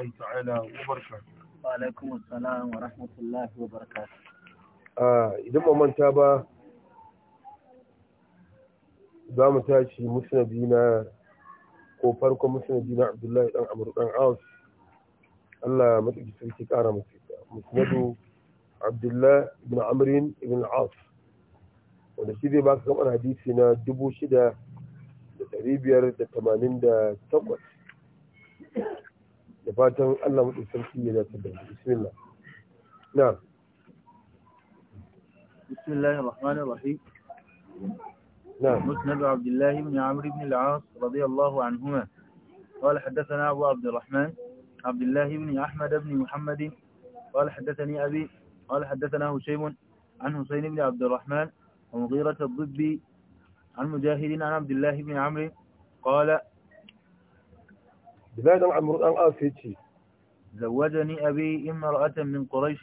الله تعالى وبركاته وعليكم السلام ورحمة الله وبركاته إذا ما من تابع za mu tashi musnadi na ko farkon musnadi na abdullahi dan amur dan aus Allah matsaji sarki kara musu musnadu abdullahi ibn amrin ibn aus wanda shi zai ba ka kamar hadisi na dubu shida da ɗari biyar da tamanin da takwas da fatan Allah mutu sarki ya dace da bismillah بسم الله الرحمن الرحيم نعم مسند عبد الله بن عمرو بن العاص رضي الله عنهما قال حدثنا أبو عبد الرحمن عبد الله بن أحمد بن محمد قال حدثني أبي قال حدثنا هشيم عن حسين بن عبد الرحمن ومغيرة الضبي عن مجاهد عن عبد الله بن عمرو قال bilal dan amru dan as yace zawajani abi imra'atan min quraish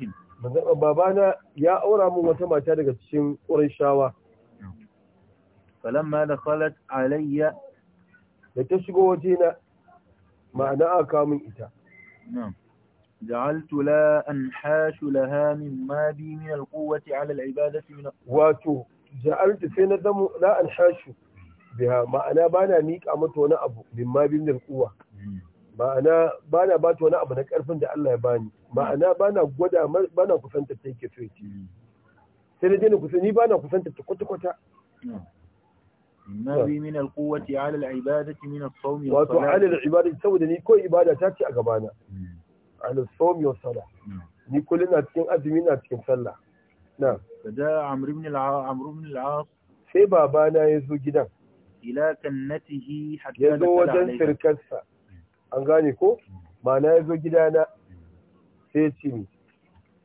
babana ya aura min wata mata daga cikin qurayshawa falamma dakhalat alayya da ta shigo wajena ma'ana aka min ita na'am جعلت لا أنحاش لها مما بي من القوة على العبادة من واتو جعلت في ندم لا أنحاش Biya ma'ana ba na miƙa mata wani abu mimma bin da kuwa ma'ana bana ba ta wani abu na karfin da Allah ya bani ma'ana ba na gwada ba na kusanta ta yake so yake sai na je ni kusa ni bana kusanta ta kwata kwata mimma bi min alquwwati ala alibadati min as-sawmi wa salati wato ala ibada saboda ni ko ibada ta ce a gabana ala as-sawmi wa salat ni kullun na cikin azumi na cikin sallah na da amr ibn al-amr sai babana ya zo gidan ila kannatihi hatta ya zo wajen sirkarsa an gane ko ma'ana ya zo gidana sai ce ni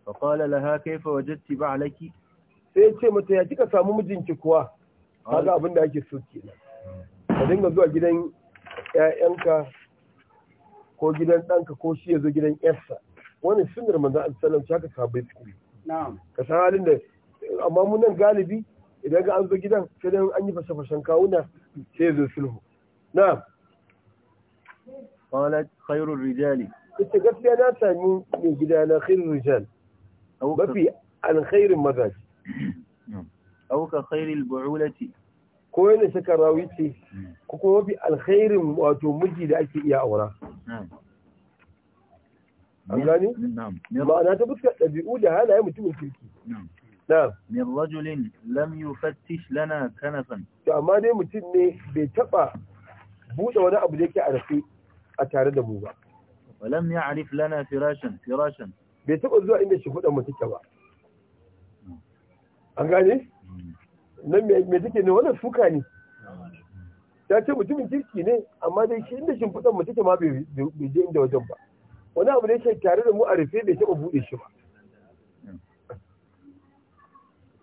fa qala laha kayfa wajadti ba'laki sai ce mata ya kika samu mijinki kuwa kaga abin da ake so kenan ka dinga zuwa gidan ƴaƴanka ko gidan ɗanka ko shi ya zo gidan ƴarsa wani sunar manzan alisalam shi haka sabai su ka san halin da amma munan galibi idan ga an zo gidan sai dai an yi fashe-fashen kawuna sai zo sulhu na'am qalat khairur rijali ita gaskiya na sami mai gida na khairur rijal mafi alkhairin mazaji aw ka khairil bu'ulati ko yana saka rawici ko kuma mafi alkhairin wato miji da ake iya aura an gani ma'ana ta fuskar ɗabi'u da halaye mutumin kirki min rajulin lam yufattish lana kanafan to amma dai mutum ne bai taba buɗe wani abu da yake a rafe a tare da mu ba walam ya'rif lana firashan firashan bai taba zuwa inda shi hudan mu take ba an gane nan me take ne wannan suka ne ta ce mutumin kirki ne amma dai shi inda shi mu take ma bai je inda wajen ba wani abu ne shi tare da mu a rufe bai taɓa buɗe shi ba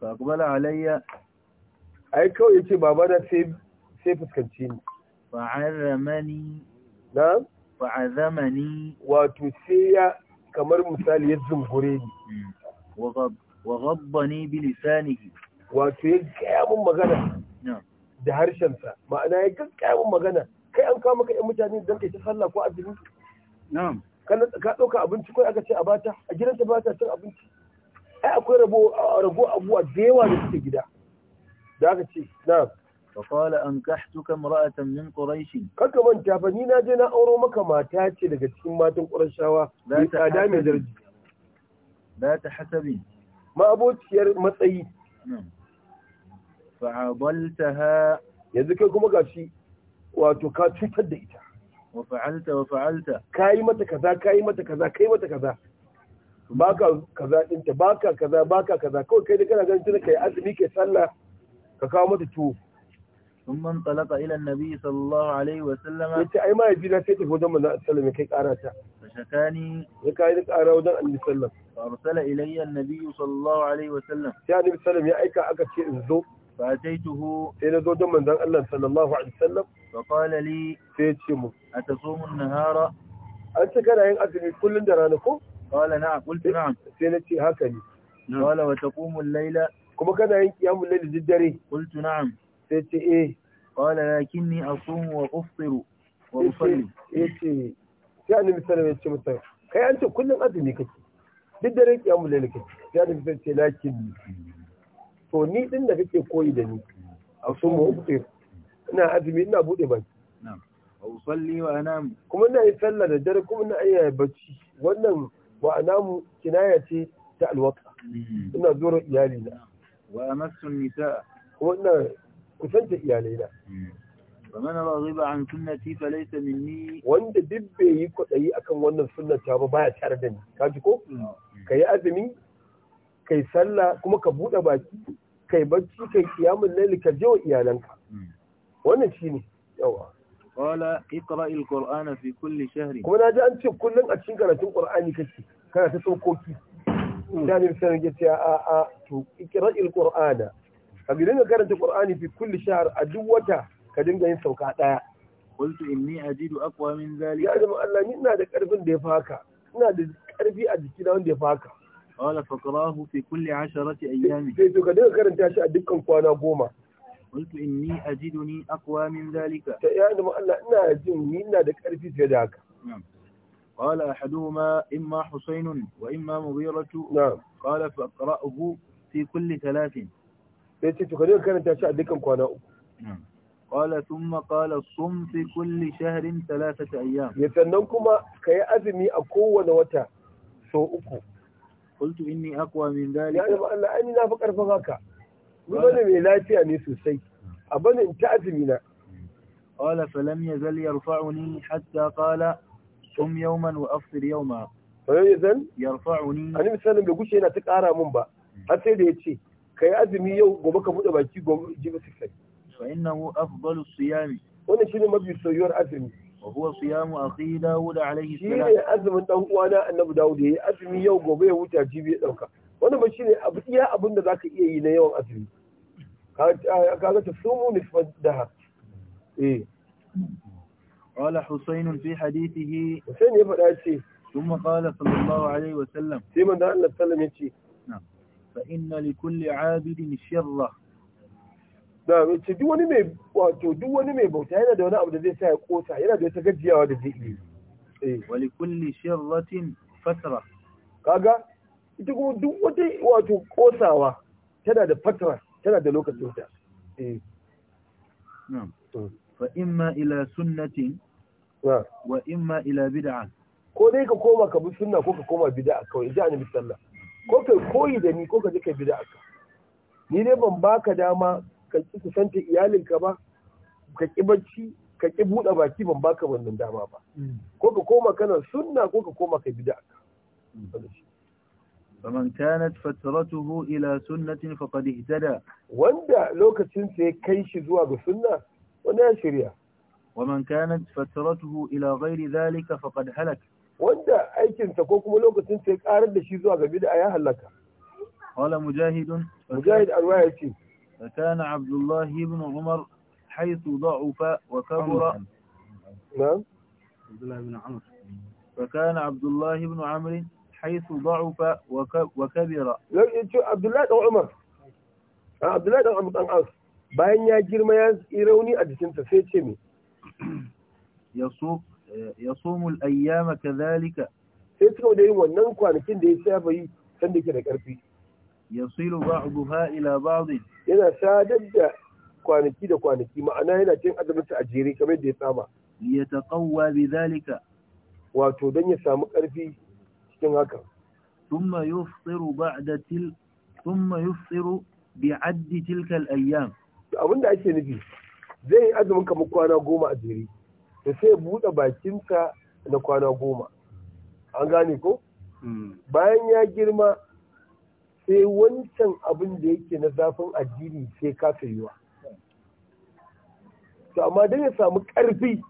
fa alayya ai kawai yace baba na sai fuskanci ni fa azamani na fa wato sai ya kamar misali ya zungure ni hmm. wa ghabbani bi lisanihi wato ya gaya magana da harshensa ma'ana ya gaggaya magana kai an kawo maka yan mutane don kai ta sallah ko azumi ka ɗauka abinci kai aka ce a bata a gidansa bata cin abinci akwai rabo rabo abuwa da yawa da suke gida da aka ce na an ra'atan فقال أنكحتك امرأة من قريش كك من تابني ناجي na auro maka mata ce daga cikin matan Qurayshawa da tsada mai daraja da ta hasabi ma abociyar matsayi fa'adaltaha yanzu kai kuma gashi wato ka cutar da ita wa fa'alta wa fa'alta kai mata kaza kai mata kaza kai mata kaza baka kaza dinta baka kaza baka kaza kawai kai da kana ganin tana kai azumi kai sallah ka kawo mata tuwo sun man talaka ila nabi sallallahu alaihi wa sallama yace ai ma yabi na sai tafi wajen manzo sallallahu kai kara ta shakani ya kai da ƙara wajen annabi sallallahu arsala ilayya annabi sallallahu alaihi wa sallam sai annabi sallallahu ya aika aka ce in zo فأتيته سيدنا دودو من ذن الله صلى الله عليه وسلم فقال لي سيد شمو أتصوم النهار أنت كان عين أزمي كل درانكم qala na, qultu na'am sai na ce haka ne qala wata kumun laila kuma kana yin qiyamul layl duk dare qultu na'am sai ce eh qala lakinni asumu wa ufṭiru wa usalli yace eh sai annabi sallallahu alaihi wasallam ya ce kai an ce kullum azumi kake duk dare qiyamul layl kake sai annabi sallallahu alaihi wasallam ya ce lakinni to ni din da kake koyi da ni asumu wa ufṭiru ina azumi ina bude baki na'am wa usalli wa anam kuma na yi sallah da dare kuma na iya bacci wannan wa namu, kinaya ce ta alwaka mm. ina zuwa iyali na wa amassu nisa kuma ina kusanta راغب عن سنتي فليس مني wanda duk bai yi kwaɗayi akan wannan sunnata ba baya tare da ni ka ji ko mm. ka yi azumi kai sallah kuma ka buɗe baki kai bacci kai kiyamun laili ka je wa iyalanka mm. wannan shine yawa qala iqra alqur'ana fi kulli kuma an ce a cikin karatun qur'ani kake kana ta tsokoki da hmm. ne sai ya ce a a to ikra'il qur'ana ka bi dinga karanta qur'ani fi kulli shahr a duk wata ka dinga yin sauka daya qultu inni ajidu aqwa min zalika ya jama'a Allah ni ina da karfin da ya faka ina da karfi a jikina wanda ya faka qala faqrahu fi kulli 'asharati ayami sai to ka dinga karanta shi a dukkan kwana goma qultu inni ajiduni aqwa min zalika ya jama'a Allah ina jin ni ina da karfi fiye da haka قال أحدهما إما حسين وإما مغيرة نعم قال فاقرأه في كل ثلاث yace to kare karanta shi a dukkan kwana uku qala thumma qala sum fi kulli shahrin thalathata ayyam ya sannan kuma kai azumi a kowane wata so uku qultu inni aqwa min dhalika ya Allah an na fi karfin haka mai lafiya ne sosai a bane in ta azumi na qala falam yazal hatta qala Sum yawman wa afsir yawma. Sanar ne zan? Yarfa'uni. Ani misalin bai gushe yana ta ƙara mun ba. Har sai da ya ce, ka yi azumi yau gobe ka bude baki gobe ji ba sukai. Fa inna hu afdalu siyami. Wannan shi mabi soyuwar azumi. Wa huwa siyamu akhi da alayhi salam. Shi ne azumin dan uwana Annabi Dawud ya yi azumi yau gobe ya huta jibi ya dauka. Wannan ba shine abu iya abinda zaka iya yi na yawan azumi. Ka ga ta sumu nisbat da. Eh. قال حسين في حديثه حسين يفعل شيء ثم قال صلى الله عليه وسلم فيما دعا الله سلم يشي نعم فإن لكل عابد شرة نعم yace duk wani mai wato duk wani mai bauta yana da wani abu da zai sa ya kota yana da wata gajiyawa da zai yi kulli shirratin fatra kaga ita kuma wato kosawa tana da fatra tana da lokacin fa imma ila sunnatin wa imma ila bid'a ko dai ka koma ka bi sunna ko ka koma bid'a kawai ji bi sallah ko kai koyi da ni ko ka je kai bid'a ka ni ne ban baka dama ka ki kusanta iyalinka ba ka ki bacci ka ki buɗe baki ban baka wannan dama ba mm. ko ka koma kana sunna ko ka koma ka bid'a ka فمن كانت فترته إلى سنة فقد اهتدى وندا lokacin sai kai shi zuwa ga sunna وناشرها ومن كانت فترته الى غير ذلك فقد هلك وانت ايكن تكوكم لوكا تنسي قارد لشي زوا قبيد ايا هلك قال مجاهد مجاهد الواحد شي فكان عبد الله بن عمر حيث ضعف وكبر نعم عبد الله بن عمر فكان عبد الله بن عمر حيث ضعف وكبر عبد الله بن عمر عبد الله بن عمر bayan ya girma ya yi rauni a jikinsa sai ce mai. ya eh, somul ayyama kadhalika sai suka da yin wannan kwanakin da ya saba yi sanda ke da karfi yasilu ba'daha ila ba'd yana sadar da kwanaki da kwanaki ma'ana yana cin azabinsa a jere kamar da ya saba ya taqawwa bidhalika wato don ya samu karfi cikin haka thumma yufsiru ba'da til thumma yufṭiru bi'addi tilka al-ayyam to abin da ake nufi zai yi azumin kamar kwana goma a jere da sai ya buɗe bakinsa na kwana goma an gane ko hmm. bayan ya girma sai wancan abin da yake na zafin addini sai yiwa to amma don ya samu ƙarfi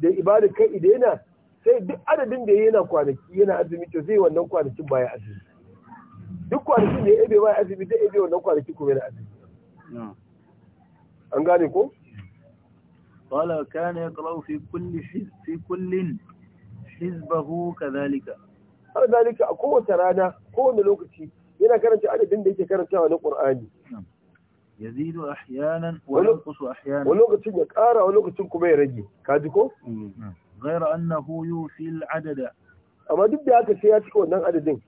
da ibada kai idena sai duk adadin da yana kwanaki yana azumi to zai wannan kwanakin baya azumi duk kwanakin da ya ebe baya azumi zai ebe wannan kwanakin kuma yana azumi an gane ko qala kana yaqra'u fi kulli fi kullin hizbahu kadalika. har dalika a kowace rana kowane lokaci yana karanta adadin da yake karantawa na qur'ani yazidu ahyanan wa yanqusu ahyanan wani lokacin ya kara wani lokacin kuma ya rage kaji ko Gaira annahu yufi al-adada amma duk da haka sai ya cika wannan adadin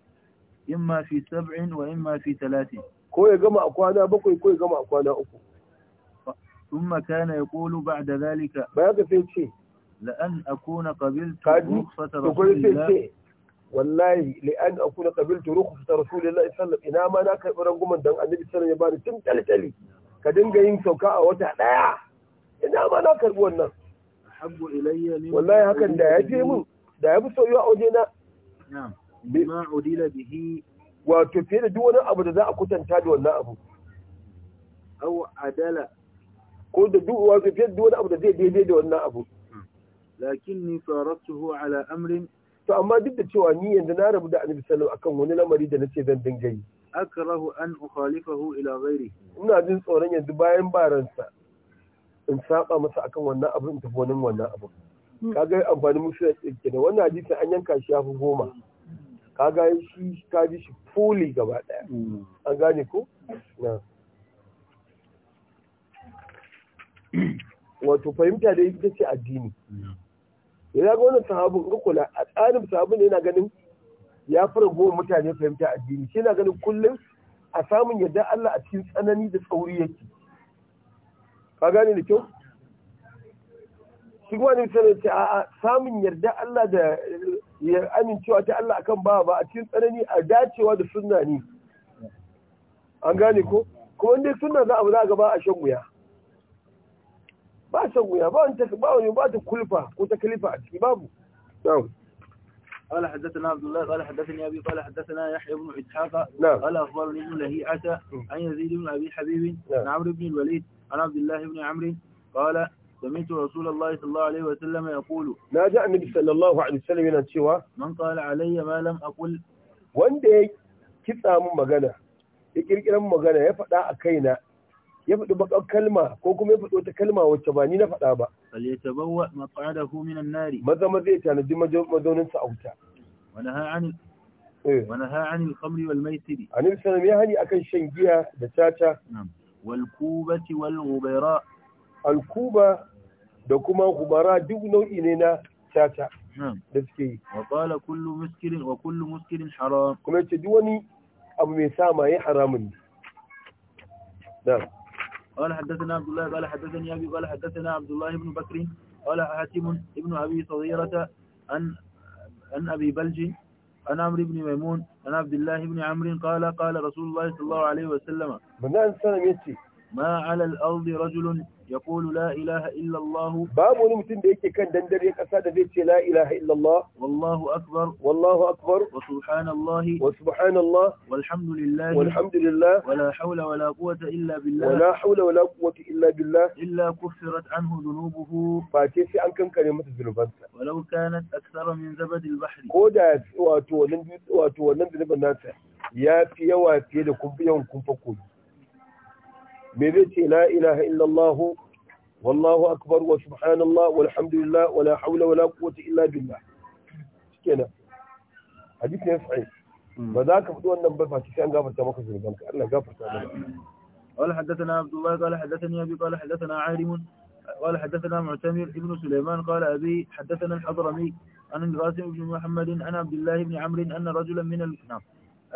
imma fi sab'in wa imma fi talatin ko ya gama a kwana bakwai ko ya gama a kwana uku ثم كان يقول بعد ذلك لأن أكون قبلت رخصة رسول الله wallahi li an akuna qabiltu rukhsata rasulillahi sallallahu alaihi ina ma na karbi ranguman dan annabi sallallahu alaihi wasallam ya bani tun talitali ka dinga yin sauka a wata daya ina ma na karbi wannan habbu ilayya min wallahi hakan da yaje min da yafi soyuwa a waje na na'am bima udila bihi wato fiye da duk abu da za a kutanta da wannan abu adala ko da duk wasu fiye da wani abu da zai daidai da wannan abu lakin ni faratuhu ala amrin to amma duk da cewa ni yanzu na rabu da annabi sallallahu akan wani lamari da nace zan dinga yi akrahu an ukhalifahu ila ghairi ina jin tsoron yanzu bayan baransa in saba masa akan wannan abu in tafi wani wannan abu kaga amfani musu da tsirke da wannan hadisin an yanka shi ya fi goma kaga shi ka ji shi fuli gaba ɗaya. Hmm. an gane ko na wato fahimta da ita ce addini ya zaga wannan sahabin ga kula a tsarin sahabin ne yana ganin ya fara goma mutane fahimta addini shi yana ganin kullum a samun yadda Allah a cikin tsanani da tsauri yake ka gane da kyau shi kuma ne ce a samun yarda Allah da ya amincewa ta Allah akan ba ba a cikin tsanani a dacewa da sunna ne an gane ko Kuma wanda sunna za a ba za a gaba a shan wuya ba shan wuya ba wani ba wani ba ta kulfa ko ta kalifa a ciki babu na'am قال حدثنا عبد الله قال حدثني أبي قال حدثنا يحيى بن إسحاق قال أخبرني ابن لهيعة عن يزيد بن أبي حبيب عن عمرو بن الوليد عن عبد الله بن عمرو قال سمعت رسول الله صلى الله عليه وسلم يقول ناجى النبي صلى الله عليه وسلم من cewa من قال علي ما لم أقل wanda ya kitsa mun magana ya kirkiran magana ya faɗa a kaina ya faɗi bakan kalma ko kuma ya faɗi wata kalma wacce ba ni na faɗa ba falyatabawwa maq'adahu minan nari maza maza ya tanadi mazaunin sa auta Wani ha anil eh. wala ha anil khamri wal maisiri anil salam ya hani akan shan giya da caca. wal kubati wal ghubaira Alkuba da kuma gubara duk nau'i ne na caca. da suke yi wa qala kullu muskirin wa kullu muskirin haram kuma yace duk wani abu mai sa ya haramun ne na'am قال حدثنا عبد الله قال حدثني أبي قال حدثنا عبد الله بن بكر قال حاتم ابن أبي صغيرة عن عن أبي بلج عن عمرو بن ميمون عن عبد الله بن عمرو قال قال رسول الله صلى الله عليه وسلم بناء السلام يتي ما على الأرض رجل ya kulu la’ilaha illallahu babu wani mutum da yake kan dandare ya ƙasa da zai ce la’ilaha illallah wallahu akbar wallahu akbar wa subhanallahi wa subhanallah walhamdulillah walhamdulillah wala haula wala quwwata illa billah wala haula wala quwwata illa billah illa kufirat anhu dhunubuhu ba ce sai an kankare masa zunubansa walau kanat aktsara min zabad al ko da wato wannan wato wannan zunubin nasa ya fi yawa fiye da kumfiyan kumfa koji بذكر لا إله إلا الله والله أكبر وسبحان الله والحمد لله ولا حول ولا قوة إلا بالله كنا حديث صحيح فذاك فتوى النبي فاتشان قابل تمكس البنك أنا قابل قال حدثنا عبد الله قال حدثني أبي قال حدثنا عارم قال حدثنا معتمر ابن سليمان قال أبي حدثنا الحضرمي عن القاسم بن محمد عن عبد الله بن عمرو أن رجلا من ال... نعم،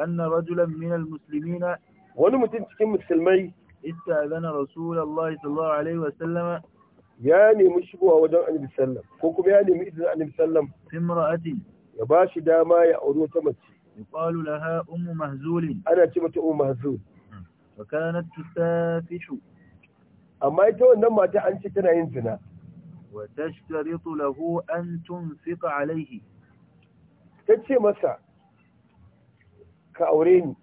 أن رجلا من المسلمين ولم تنتكم مسلمي istazana rasulullahi sallallahu alaihi wa sallama. ya nemi shigowa wajen annabi sallam ko kuma ya nemi izinin annabi sallam imra'ati ya ba shi dama ya auri wata mace yuqalu laha ummu mahzul ana ce mata ummu mahzul fa kanat tusafihu amma ita wannan mata an ce tana yin zina wa tashtaritu lahu an tunfiqa alaihi ce masa ka aure ni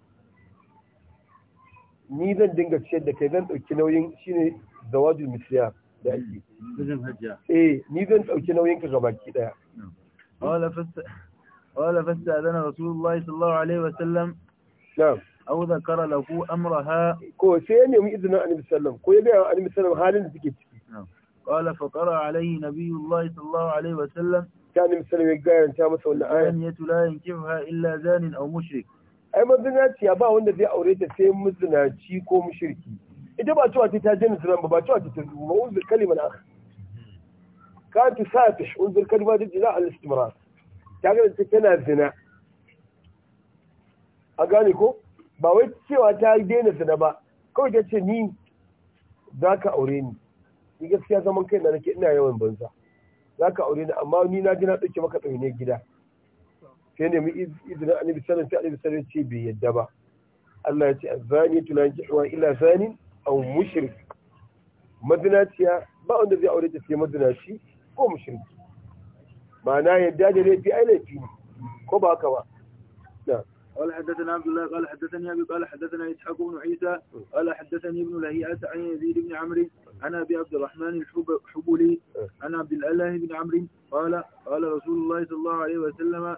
ni zan dinga ciyar da kai zan ɗauki nauyin shine zawajul misliya da ake. Bizin hajjiya. Eh, ni zan ɗauki nauyin ka gaba ki ɗaya. Wala fasta zana Rasulullahi sallallahu alaihi wa sallam. Na'am. Au amraha. Ko sai ya nemi izinin Annabi sallam ko ya ga Annabi sallam halin da suke ciki. قال فقرأ عليه نبي الله صلى الله عليه وسلم كان مثلا يقال انت مثلا الايه لا ينكفها الا زان او مشرك ai mazinaci ba wanda zai aure ta sai mazinaci ko mushirki ita ba cewa ta jini zinan ba ba cewa ta zuwa ba unzur kalimar aka ka ta safish unzur kalimar da jina al-istimrar ta ga ta tana zina a gane ko ba wai cewa ta daina zina ba kawai ta ce ni za ka aure ni ni gaskiya zaman kai na nake ina yawan banza za ka aure ni amma ni na ji na ɗauke maka ɗaune gida كان يوم إذن أني بسلم فعلي بسلم تيبي الدبا الله يتي الزاني تنجح إلا زاني أو مشرك مدناتيا ما عند ذي أوريت في مدناتي هو مشرك معنى يداد لي في أي ليتي كوبا كوا نعم. قال حدثنا عبد الله قال حدثني أبي قال حدثنا إسحاق بن عيسى قال حدثني ابن لهيئة عن يزيد بن عمري عن أبي عبد الرحمن الحبولي أه. عن عبد الله بن عمري قال قال رسول الله صلى الله عليه وسلم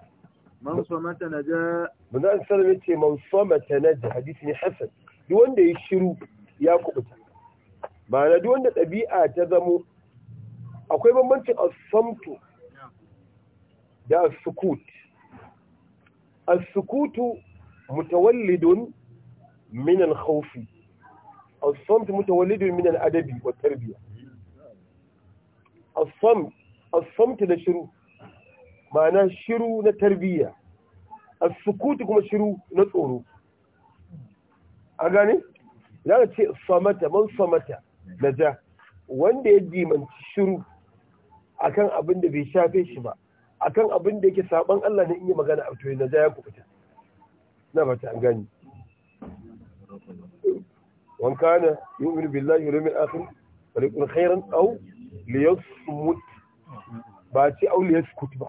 man somata naja manzo sallallahu alaihi ce man somata naja hadisi ne hasan duk wanda ya shiru ya kubuta ba na duk wanda ɗabi'a ta zamo akwai bambancin asamtu da sukut as-sukutu mutawallidun minan haufi khawf as-samt mutawallidun min al-adabi wa tarbiya as-samt da shiru ma'ana shiru na tarbiyya a sukutu kuma shiru na tsoro a gane za ka ce samata man samata na ja wanda ya dimanci shiru akan abin da bai shafe shi ba akan abin da yake saban Allah ne in yi magana a tuyi na ja ya ta. na ba ta an gani wan kana yu'minu billahi wal yawmil akhir wa yakun khairan aw liyasmut ba ci aw liyaskut ba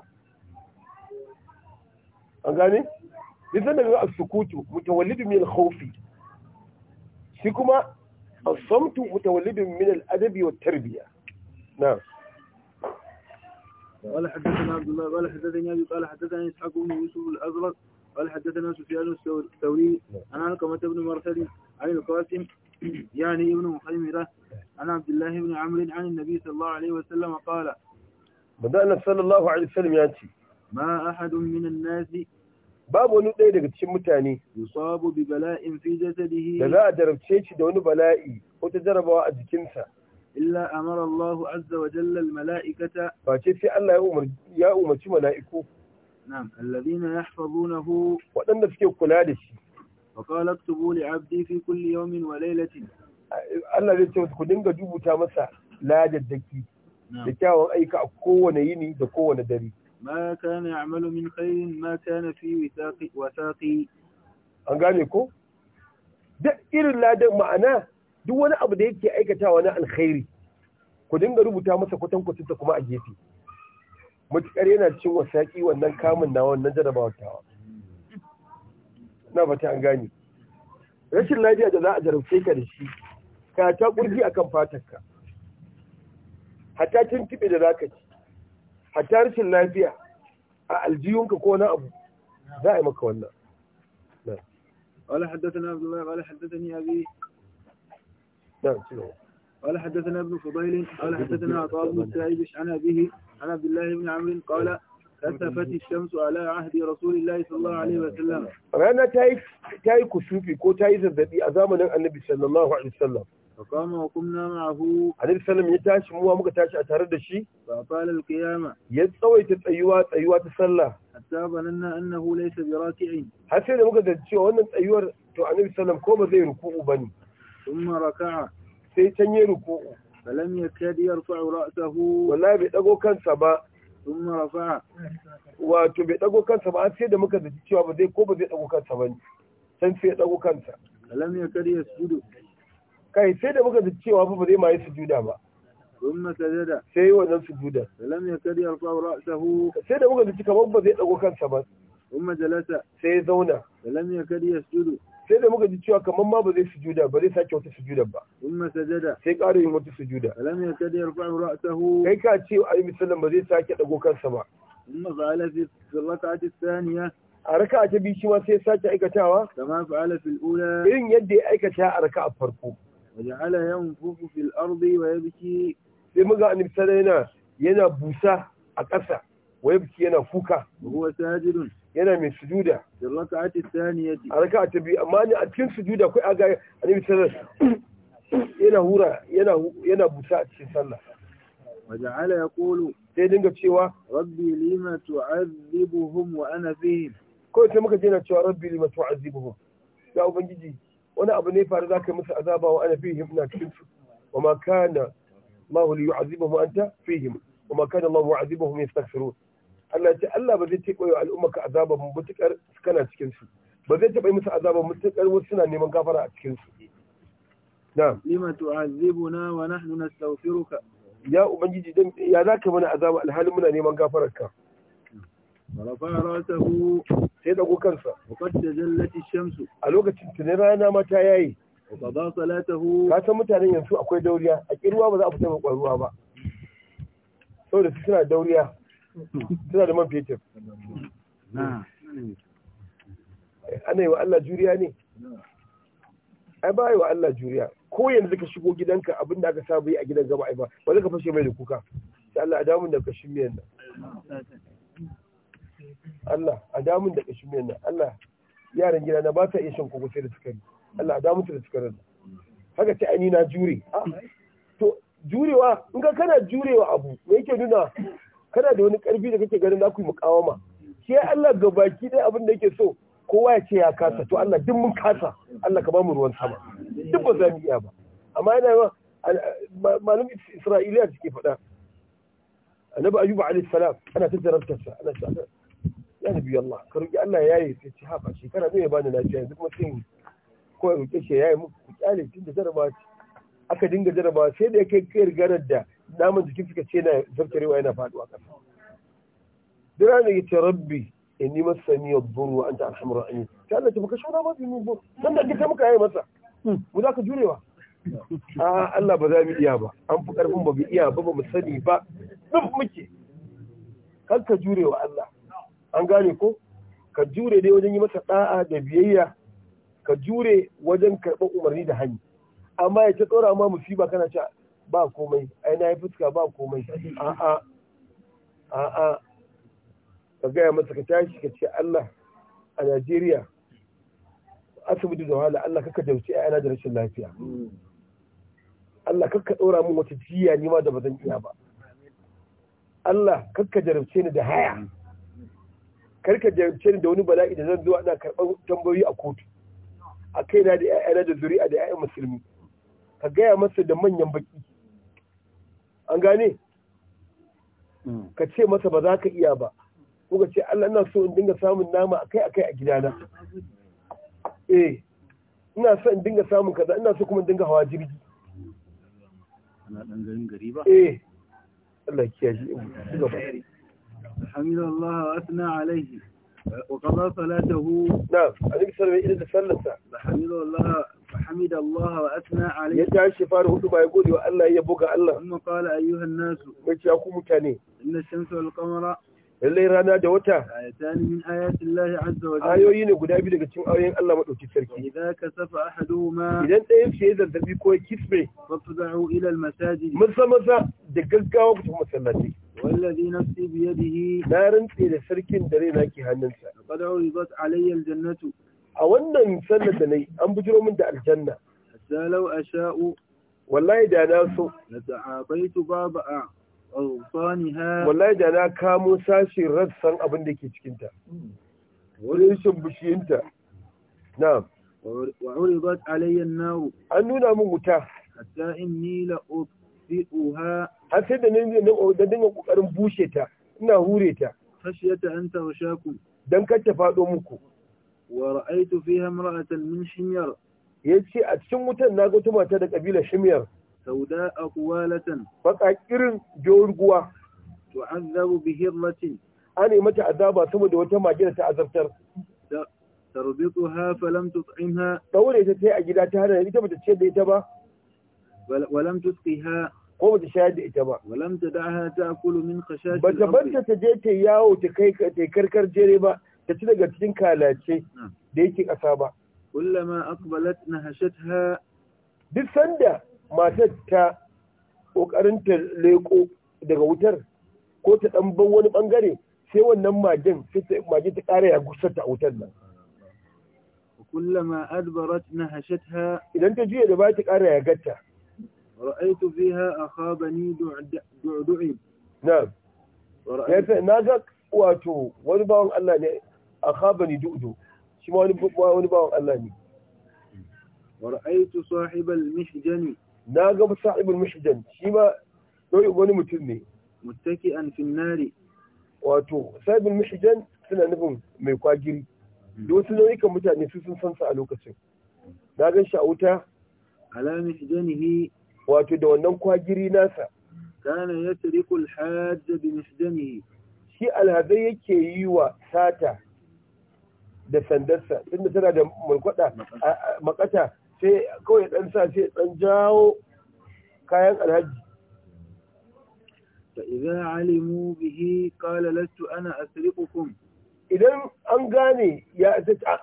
an gane lisan da ga as-sukutu mutawallidun min al-khawf shi kuma as-samtu mutawallidun min al-adabi wa tarbiya na'am قال حدثنا عبد الله قال حدثني ابي قال حدثني اسحاق بن يوسف الازرق قال حدثنا سفيان الثوري عن علقمة بن مرثد عن القاسم يعني ابن مخيمرة عن عبد الله بن عمرو عن النبي صلى الله عليه وسلم قال بدأنا صلى الله عليه وسلم يأتي ma ahadun minan nasi babu wani ɗaya daga cikin mutane yusabu bi bala'in fi jasadihi da za a jarabce shi da wani bala'i ko ta jarabawa a jikinsa illa amara Allah azza wa jalla al mala'ikata face sai Allah ya umar ya umarci mala'iku na'am alladhina yahfazunahu waɗanda suke kula da shi wa qala aktubu li 'abdi fi kulli yawmin wa laylatin Allah zai ce ku dinga rubuta masa lajaddaki da kyawun aika a kowane yini da kowane dare ما كان يعمل من خير ما كان في وثاقي an gane ko duk irin ladan ma'ana duk wani abu da yake aikatawa na alkhairi ku dinga rubuta masa kwatankwacin ta kuma a gefe matuƙar yana cin wasaƙi wannan kamun na wannan jarabawar tawa na fata an gane rashin lafiya da za a jarabce ka da shi ka ta ƙurfi akan fatarka hatta tun tibe da za ka ci hatta rashin lafiya a aljiyunka ko na abu za a yi maka wannan قال حدثنا قال حدثني أبي نعم، قال حدثنا ابن فضيل قال حدثنا عطاء بن السائب عن أبيه عن عبد الله بن عمرو قال كسفت الشمس على عهد رسول الله صلى الله عليه وسلم رانا تاي تاي كشوفي كو تاي زبدي a النبي صلى الله عليه وسلم فقام وقمنا معه عليه السلام يتاشي مو muka tashi a tare da shi fa qala al-qiyama ya tsawaita tsayuwa tsayuwa ta sallah hatta bananna annahu laysa bi raki'in har sai da muka ga cewa wannan tsayuwar to annabi ko ba zai ruku'u bane thumma raka'a sai can yi ruku'u falam yakad yarfa'u ra'sahu wallahi bai dago ba thumma rafa'a wato bai dago kansa ba sai da muka ga cewa ko ba zai sai ya kansa kai sai da muka ji cewa fa ba zai ma yi sujuda ba ثم سجد sai wannan sujuda lam yakad yarfa ra'sahu sai da muka ji kamar ba zai dago kansa ba ثم جلس sai zauna lam yakad yasjudu sai da muka ji cewa kamar ma ba zai sujuda ba zai sake wata sujuda ba thumma sajada sai ƙara yin wata sujuda lam yakad yarfa ra'sahu kai ka ce ayi misalin ba zai sake dago kansa ba thumma fa'ala fi rak'ati thaniya a raka ta biyu shi ma sai sake aikatawa kama fa'ala fil ula irin yadda ya aikata a raka'a farko waja'ala yanfuku fil ardi wa yabki sai muga annabi sallallahu yana busa a ƙasa wa yabki yana kuka huwa sajidun yana mai sujuda da raka'ati thaniyati a raka'ati biyu amma ni a cikin sujuda kai aga annabi sallallahu yana hura yana yana busa a cikin sallah ya yaqulu sai dinga cewa rabbi lima tu'adhibuhum wa ana fihim kawai sai muka je cewa rabbi lima tu'adhibuhum ya ubangiji wani abu ne faru zaka musu azaba wa ana fihim na cikin su wa ma kana ma hu yu'azibuhum anta fihim wa ma kana Allah mu'azibuhum yastaghfirun Allah ya ce Allah ba zai taɓa yi al'umma ka azaba mutukar kana cikin su ba zai taɓa yi musu azaba mutukar wasu suna neman gafara a cikin su na'am lima tu'azibuna wa nahnu nastaghfiruka ya ubangiji dan ya zaka mana azaba alhalin muna neman gafararka rafa rasahu sai da kansa wakar da shamsu a lokacin tunan rana mata yayi wa ba salatahu ka san mutanen yanzu akwai dauriya a ƙirwa ba za a fita ba kwaruwa ba saboda su suna dauriya suna da man fetur ana yi wa Allah juriya ne ai ba yi wa Allah juriya ko yanzu ka shigo gidanka abin da aka saba yi a gidan gaba ai ba ba zai ka fashe mai da kuka sai Allah a damun da kashin miyan nan Allah a damun da kashin miyan nan Allah yaran gida na ba ta iya shan koko sai da sukari Allah a damun da sukarin haka ta ani na jure ah, to jurewa in ka kana jurewa abu me yake nuna kana da wani karfi da kake ganin za ku yi mukawama shi Allah ga baki dai abin da yake so kowa ya ce ya kasa to Allah duk mun kasa Allah ka ba mu ruwan sama duk ba za mu iya ba amma yana yi malum Isra'iliya suke faɗa annabi ayyuba alayhi salam ana tattara kansa ana ya nabi Allah ka roki Allah ya yaye sai ci haba shekara zai bani lafiya yanzu kuma sai ko ya roke shi yaye muku ku kyale tunda jarabawa ce aka dinga jarabawa sai da kai kai rigarar da naman jikin suka ce na zartarewa yana faduwa kasa dira ne yace rabbi inni masani yadur wa anta arhamur rahim ta Allah ce baka shawara ba bi mu. bur dan da kika muka yi masa mu za ka jurewa a Allah ba za mu iya ba an fi karfin ba mu iya ba ba mu sani ba duk muke kan ka jure Allah an gane ko ka jure dai wajen yi masa da'a da biyayya ka jure wajen karɓar umarni da hanyi amma ya ce tsora ma musiba kana ce ba komai ai na yi fuska ba komai a'a a'a ka gaya masa ka tashi ka ce Allah a Najeriya asibiti da wahala Allah kaka jauce a yana da rashin lafiya Allah kaka ɗora min wata jiya ni ma da ba zan iya ba Allah kaka jarabce ni da haya karka jarabce ni da wani bala'i da zan zuwa ana karɓar tambayoyi a kotu a kaina da ƴaƴana da zuri'a da ƴaƴan musulmi ka gaya masa da manyan baki an gane hmm. ka ce masa ba za ka iya ba ko ka ce Allah ina so in dinga samun nama akai akai a gidana eh ina so in dinga samun kaza ina so kuma in dinga hawa jirgi ana dan garin gari ba eh Allah kiyaye shi gaba حمد الله وأثنى عليه وقضى صلاته نعم عليك سلم إلى تسلسة حمد الله حمد الله وأثنى عليه يدعي الشفار هدو ما يقول يا الله يبوك الله ثم قال أيها الناس متى يقوم كاني إن الشمس والقمر lallai rana da wata ayoyi ne guda biyu daga cikin ayoyin Allah madauki sarki idan kasafa ahaduhuma idan ɗayan su ya zazzabi ko ya kisbe fafza'u ila almasajid maza maza da gaggawa ku tafi masallaci wallazi nafsi biyadihi na rantse da sarkin da raina ke hannunsa qad uridat alayya aljannatu a wannan sallar da nayi an bujiro min da aljanna hatta a sha'o. wallahi da na so la ta'abaitu baba'a wallahi da na kamo sashin rassan abin da ke cikinta rashin bishiyinta na ba alayyan naru an nuna min wuta hatta ni la utfi'uha har sai da na dinga kokarin bushe ta ina hure ta khashiyata wa shaku. dan kar ta fado muku wa ra'aytu fiha imra'atan min shimyar yace a cikin wutan na tumata wata mata da kabila shimyar sauda akwalatan baka irin jorguwa tu'azzabu bi hirratin ana mata azaba saboda wata mage da ta azabtar تربطها فلم تطعمها دوري ta sai a gida ta hada ita bata ciyar da ita ba walam tusqiha ko bata shayar da ita ba walam tad'aha ta'kulu min khashash bata banta ta je ta yawo ta kai karkar jere ba ta daga cikin kalace da yake ƙasa ba kullama duk sanda matar ta ƙoƙarin ta leƙo daga wutar ko ta ɗan ban wani ɓangare sai wannan magen sai magen ta ƙara ya gusar ta a wutar nan. kullama adbarat na hashatha idan ta juya da ba ta ƙara ya gata. ra'aitu fiha akhabani du'du'i na'am na ga wato wani bawan Allah ne akhabani du'du shi ma wani bawan Allah ne ورأيت صاحب المحجن na ga sa'ibul mushdan shi ma dai wani mutum ne an fi nari wato sa'ibul mushdan suna nufin mai kwagiri hmm. da wasu nau'ikan mutane su sun san sa a lokacin na gan shi a wuta ala mushjanihi wato da wannan kwagiri nasa kana ya al-hajj bi mushjanihi shi alhazai yake yi wa sata da sandarsa tunda tana da mulkwada makata sai kawai dan sa sai dan jawo kayan alhaji فإذا علموا به قال لست أنا أسرقكم idan an gane ya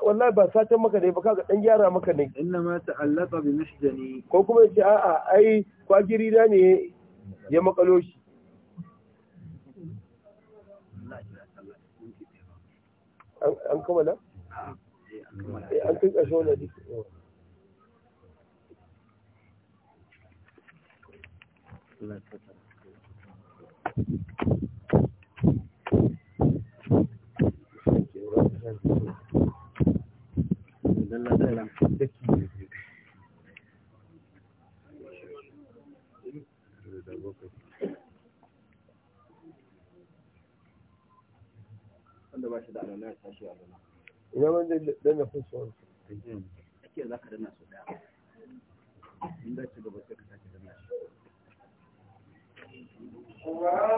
wallahi ba satan maka ne ba kaga dan gyara maka ne inna ma ta'allaqa bi mishdani ko kuma yace a'a ai kwagiri da ne ya makalo shi an ina man zai danna kun su wani su ake za ka danna su daya in za ci gaba sai ka sake Thank you.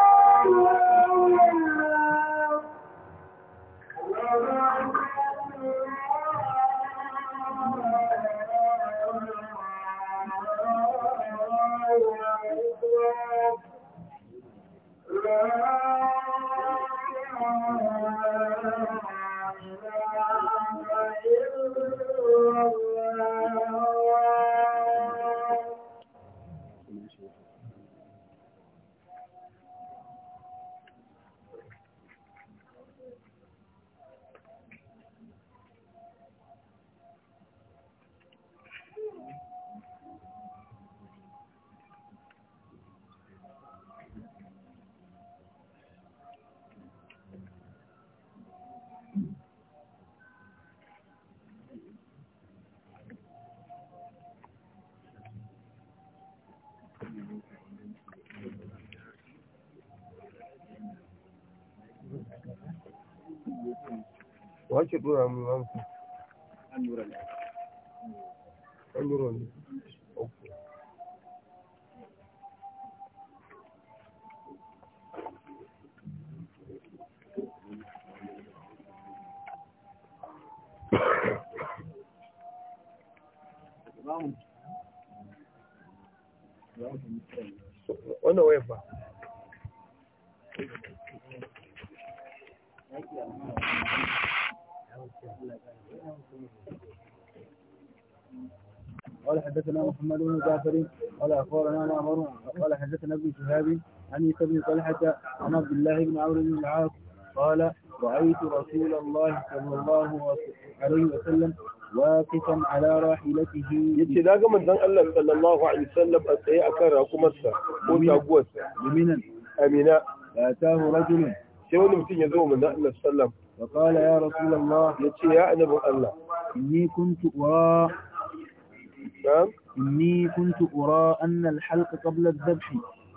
إله إلا ake dora mu ba mu Thank you. قال حدثنا محمد بن جعفر قال اخبرنا معمر قال حدثنا ابن شهاب عن يوسف بن طلحه عن عبد الله بن عمرو بن العاص قال رايت رسول الله صلى الله عليه وسلم واقفا على راحلته يتي ذاك من ذن الله صلى الله عليه وسلم اتي اكر حكومته وتاغوته يمينا امينا فاتاه رجل شو اللي الله صلى الله عليه وسلم wa qala ya rasulullah yace ya annabi Allah inni kuntu ura inni kuntu ura anna al-halqa qabla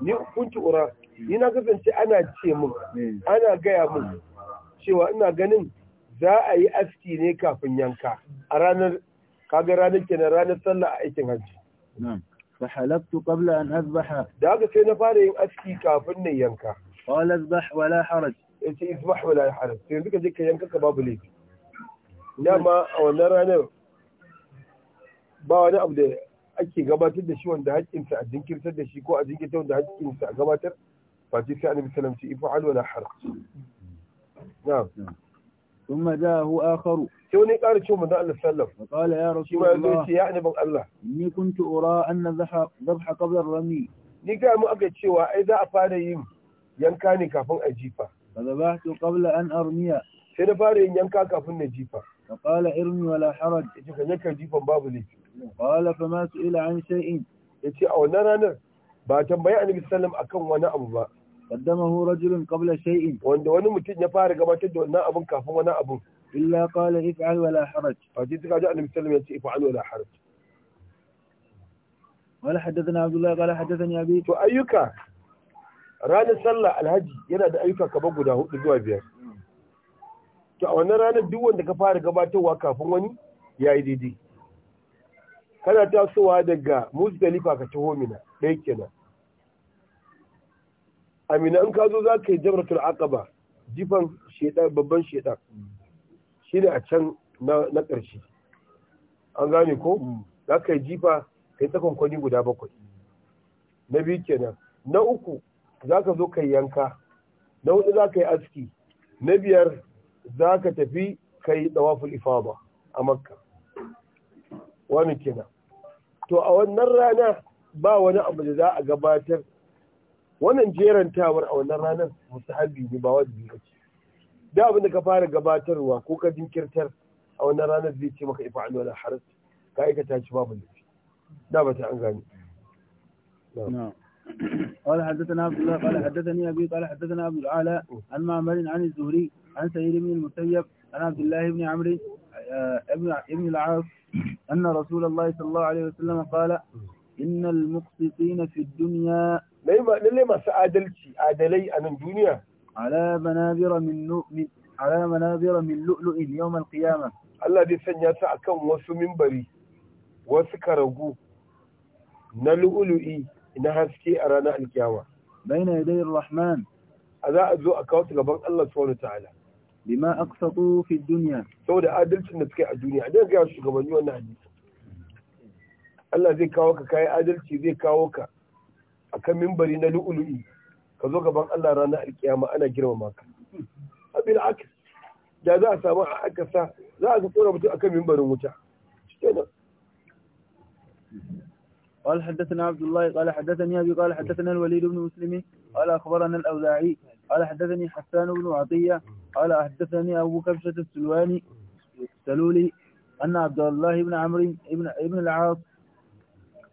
ni kuntu ura ni kasance ana gaya mun cewa ina ganin za yi aski ne kafin yanka a ranar kaga ranar kenan ranar sallah a aikin فحلقت قبل أن أذبح داك سينا فاري أسكي كافن ينكا قال أذبح ولا حرج ya ce isbah wala haram sai yanzu ka je ka yanka ka babu laifi dama a wannan ranar ba wani abu da ake gabatar da shi wanda haƙƙinsa a jinkirtar da shi ko a jinkirtar wanda haƙƙinsa a gabatar ba ce sai annabi sallam ce ifa alwala har na'am thumma ja'ahu akharu sai wani ƙara cewa manzon Allah sallam wa qala ya rasulullah shi ya annabi Allah ni kuntu ura anna dhaha dhabha qabla rami ni ga mu aka cewa ai za a fara yin yanka ne kafin a jifa فذبحت قبل أن أرمي sai na fara yin yanka kafin na jifa fa qala irmi wala haraj yace ka yanka jifan babu ne qala fa ma su'ila an shay'in yace a wannan ranar ba tambayi annabi sallam akan wani abu ba qaddamahu rajulun qabla shay'in wanda wani mutum ya fara gabatar da wannan abun kafin wani abun illa qala if'al wala haraj fa ji ka ji annabi sallam yace if'al wala haraj wala to ayyuka ranar sallah alhaji yana da ayyuka kamar guda hudu zuwa biyar to a wannan ranar duk wanda ka fara gabatarwa kafin wani ya yi daidai kana tasowa daga muzdalifa ka taho mina ɗaya kenan amina in ka zo za ka yi jamratul aqaba jifan shedan babban shedan shine a can na ƙarshe an gane ko mm. za ka yi jifa kai tsakon kwani guda bakwai na biyu kenan na uku za ka zo kai yanka na hudu za ka yi aski na biyar za ka tafi kai dawaful ifaba a makka wani kina. to a wannan rana ba wani abu da za a gabatar wannan tawar a wannan ranar musahabi ne ba wani ba ce da abin da ka fara gabatarwa ko ka jinkirtar a wannan ranar zai ce maka a wala har ka aikata shi babu laifi da ba ta an gane قال حدثنا عبد الله قال حدثني أبي قال حدثنا أبو العلاء عن معمر عن الزهري عن سعيد بن المسيب عن عبد الله بن عمرو آه، ابن ابن العاص أن رسول الله صلى الله عليه وسلم قال إن المقسطين في الدنيا للي ما سأدلتي أدلي أنا الدنيا على منابر من نؤمن على منابر من لؤلؤ يوم القيامة الله دي سنيا سأكون وسو منبري وسكرغو نلؤلؤي na haske a ranar alkiyama baina yadayir rahman a za a zo a kawo su gaban Allah subhanahu ta'ala bima aqsatu fi duniya. Sau da adalcin da suka yi a duniya a dan ga shugabanni wannan hadisi Allah zai kawo ka kai adalci zai kawo ka kan mimbari na lu'ulu'i ka zo gaban Allah ranar alkiyama ana girmama ka abin akis da za a samu a akasa za a ga tsora mutum kan mimbarin wuta kenan قال حدثنا عبد الله قال حدثني أبي قال حدثنا الوليد بن مسلم قال أخبرنا الأوزاعي قال حدثني حسان بن عطية قال حدثني أبو كبشة السلواني السلولي أن عبد الله بن عمرو بن ابن العاص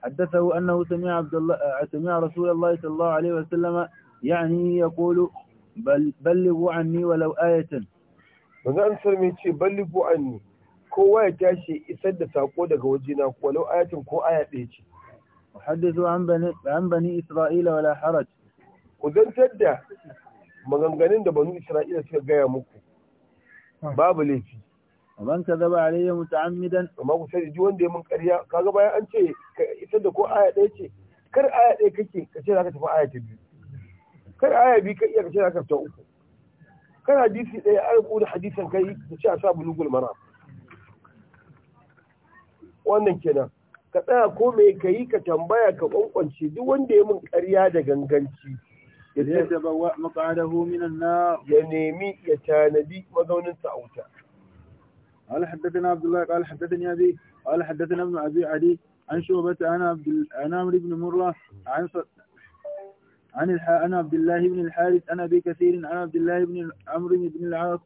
حدثه أنه سمع عبد الله سمع رسول الله صلى الله عليه وسلم يعني يقول بل بلغوا عني ولو آية manzo an sarme ce balligu anni تاشي يسد ساقودك وجينا ولو آية كو آية ko وحدثوا عن بني, عن بني إسرائيل ولا حرج وزنتد ده maganganun da banu Isra'ila suka gaya muku babu laifi man kadaba alayya muta'ammidan amma ku sai ji wanda ya mun ƙarya kaga bayan an ce ka ita da ko aya ɗaya ce kar aya ɗaya kake ka ce zaka tafi aya ta biyu kar aya biyu ka iya ka ce zaka tafi uku kar hadisi ɗaya an rubuta hadisin kai ka ce sa bulugul mara wannan kenan ka tsaya ko me ka yi ka tambaya ka kwankwance duk wanda ya min ƙarya da ganganci ya nemi ya tanadi mazaunin sa auta قال حدثنا عبد الله قال حدثني ابي قال حدثنا ابن ابي عدي عن شعبة عن عبد عن عمرو بن مرة عن عن الح... عن عبد الله بن الحارث عن ابي كثير عن عبد الله بن عمرو بن العاص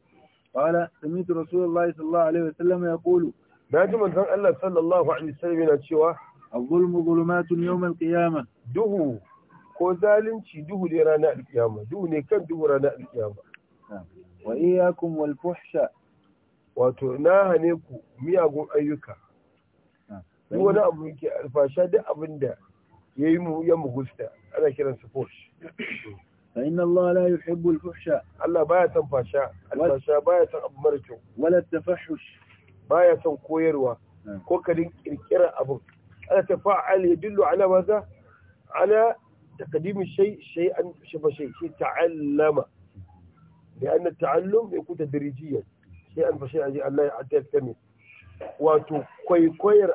قال سمعت رسول الله صلى الله عليه وسلم يقول na ji manzon Allah sallallahu alaihi wasallam yana cewa az-zulmu zulumatun yawm al-qiyamah duhu ko zalunci duhu ne rana al-qiyama duhu ne kan duhu rana al-qiyama wa iyyakum wal fuhsha wato na hane ku miyagun ayyuka ah, duk wani abu ke alfasha duk abin da yayi mu ya mugusta ana kiransa fuhsh فإن الله لا يحب الفحشاء الله baya فحشاء abu mara kyau. wala التفحش baya son koyarwa hmm. ko kadin kirkirar abin ala tafa'al yadullu ala maza ala taqdim shay shay an shafa shay shi ta'allama bi anna ta'allum yakun an fashay aji Allah ya atta ne wato koyi koyar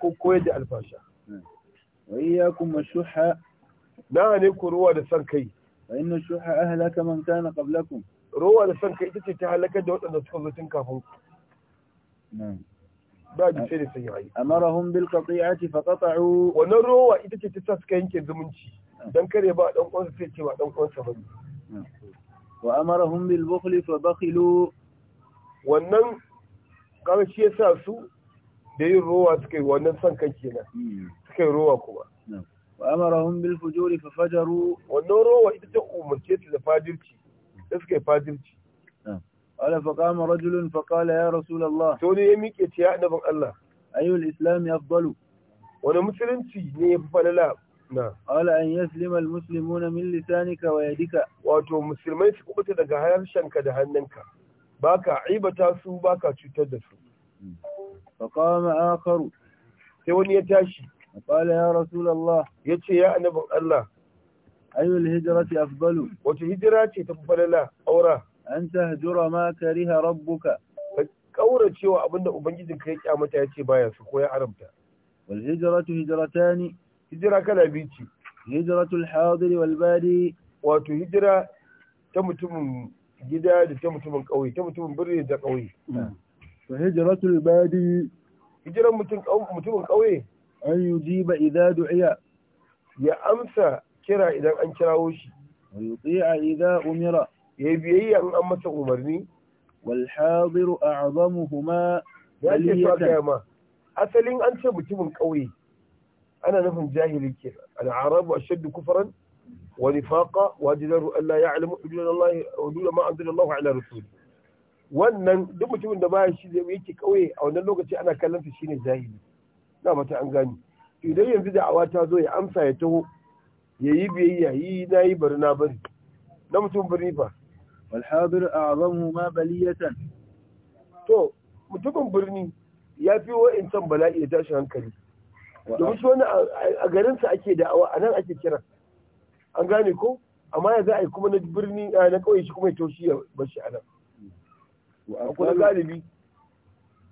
ko koyar da alfasha hmm. wa iyyakum mashuha da ne ku ruwa da san kai fa inna shuha ahlaka man kana qablakum ruwa da san ita ce ta halaka da waɗanda suka zo kafin ku نعم babu sai da sun فقطعوا amarahum wannan rowa ita ce ta suka yanke zumunci dan kare ba dan uwansa sai ce ba dan wa wannan kaga yasa su da yin rowa suka yi wannan son kan kenan hmm. suka yi rowa kuma wa amarahum bil fujuri fa fajaru wannan rowa ita ta umarce ta da fajirci da suka yi قال فقام رجل فقال يا رسول الله تولي يميك يتيا نبغ الله أي الإسلام أفضل وانا مسلمتي نيبال لا نعم قال أن يسلم المسلمون من لسانك ويدك واتو مسلمين سكوبت لك هرشنك دهننك باكا عيبة تاسو باكا تتدسو فقام آخر تولي يتاشي قال يا رسول الله يتيا نبغ الله أي الهجرة أفضل وتهجرة تفضل لا أوراه an tahjura ma kariha rabbuka ka cewa abinda ubangijin ka ya kyamata ya ce baya su ko ya haramta wal hijratu hijratani hijira kala biyu ce hijratul hadir wal badi wato hijira ta mutumin gida da ta mutumin ƙauye ta mutumin birni da ƙauye fa hmm. hijratul badi hijiran mutumin ƙauye an yujiba idza du'iya ya amsa kira idan an kirawo shi wa yuti'a idza umira ya biyayya in an masa umarni wal hadiru a'zamuhuma ya asalin an ce mutumin ƙauye ana nufin jahili ke al'arabu ashaddu kufran wa nifaqa wa jidaru an la ya'lamu hududallahi hudud ma anzalallahu ala rasul wannan duk mutumin da baya shi zai yake ƙauye a wannan lokaci ana kallon shi shine jahili na mata an gani idan yanzu da awa ta zo ya amsa ya taho ya yi biyayya yi na yi bari na bari na mutum birni ba. walhabir a azamu ma baliyatan to mutumin birni ya fi wa'incan bala'i da tashin hankali domin shi wani a garinsa ake da awa nan ake kira an gane ko amma ya za a yi kuma na birni na kawai shi kuma ya taushi ya bashi anan. nan akwai galibi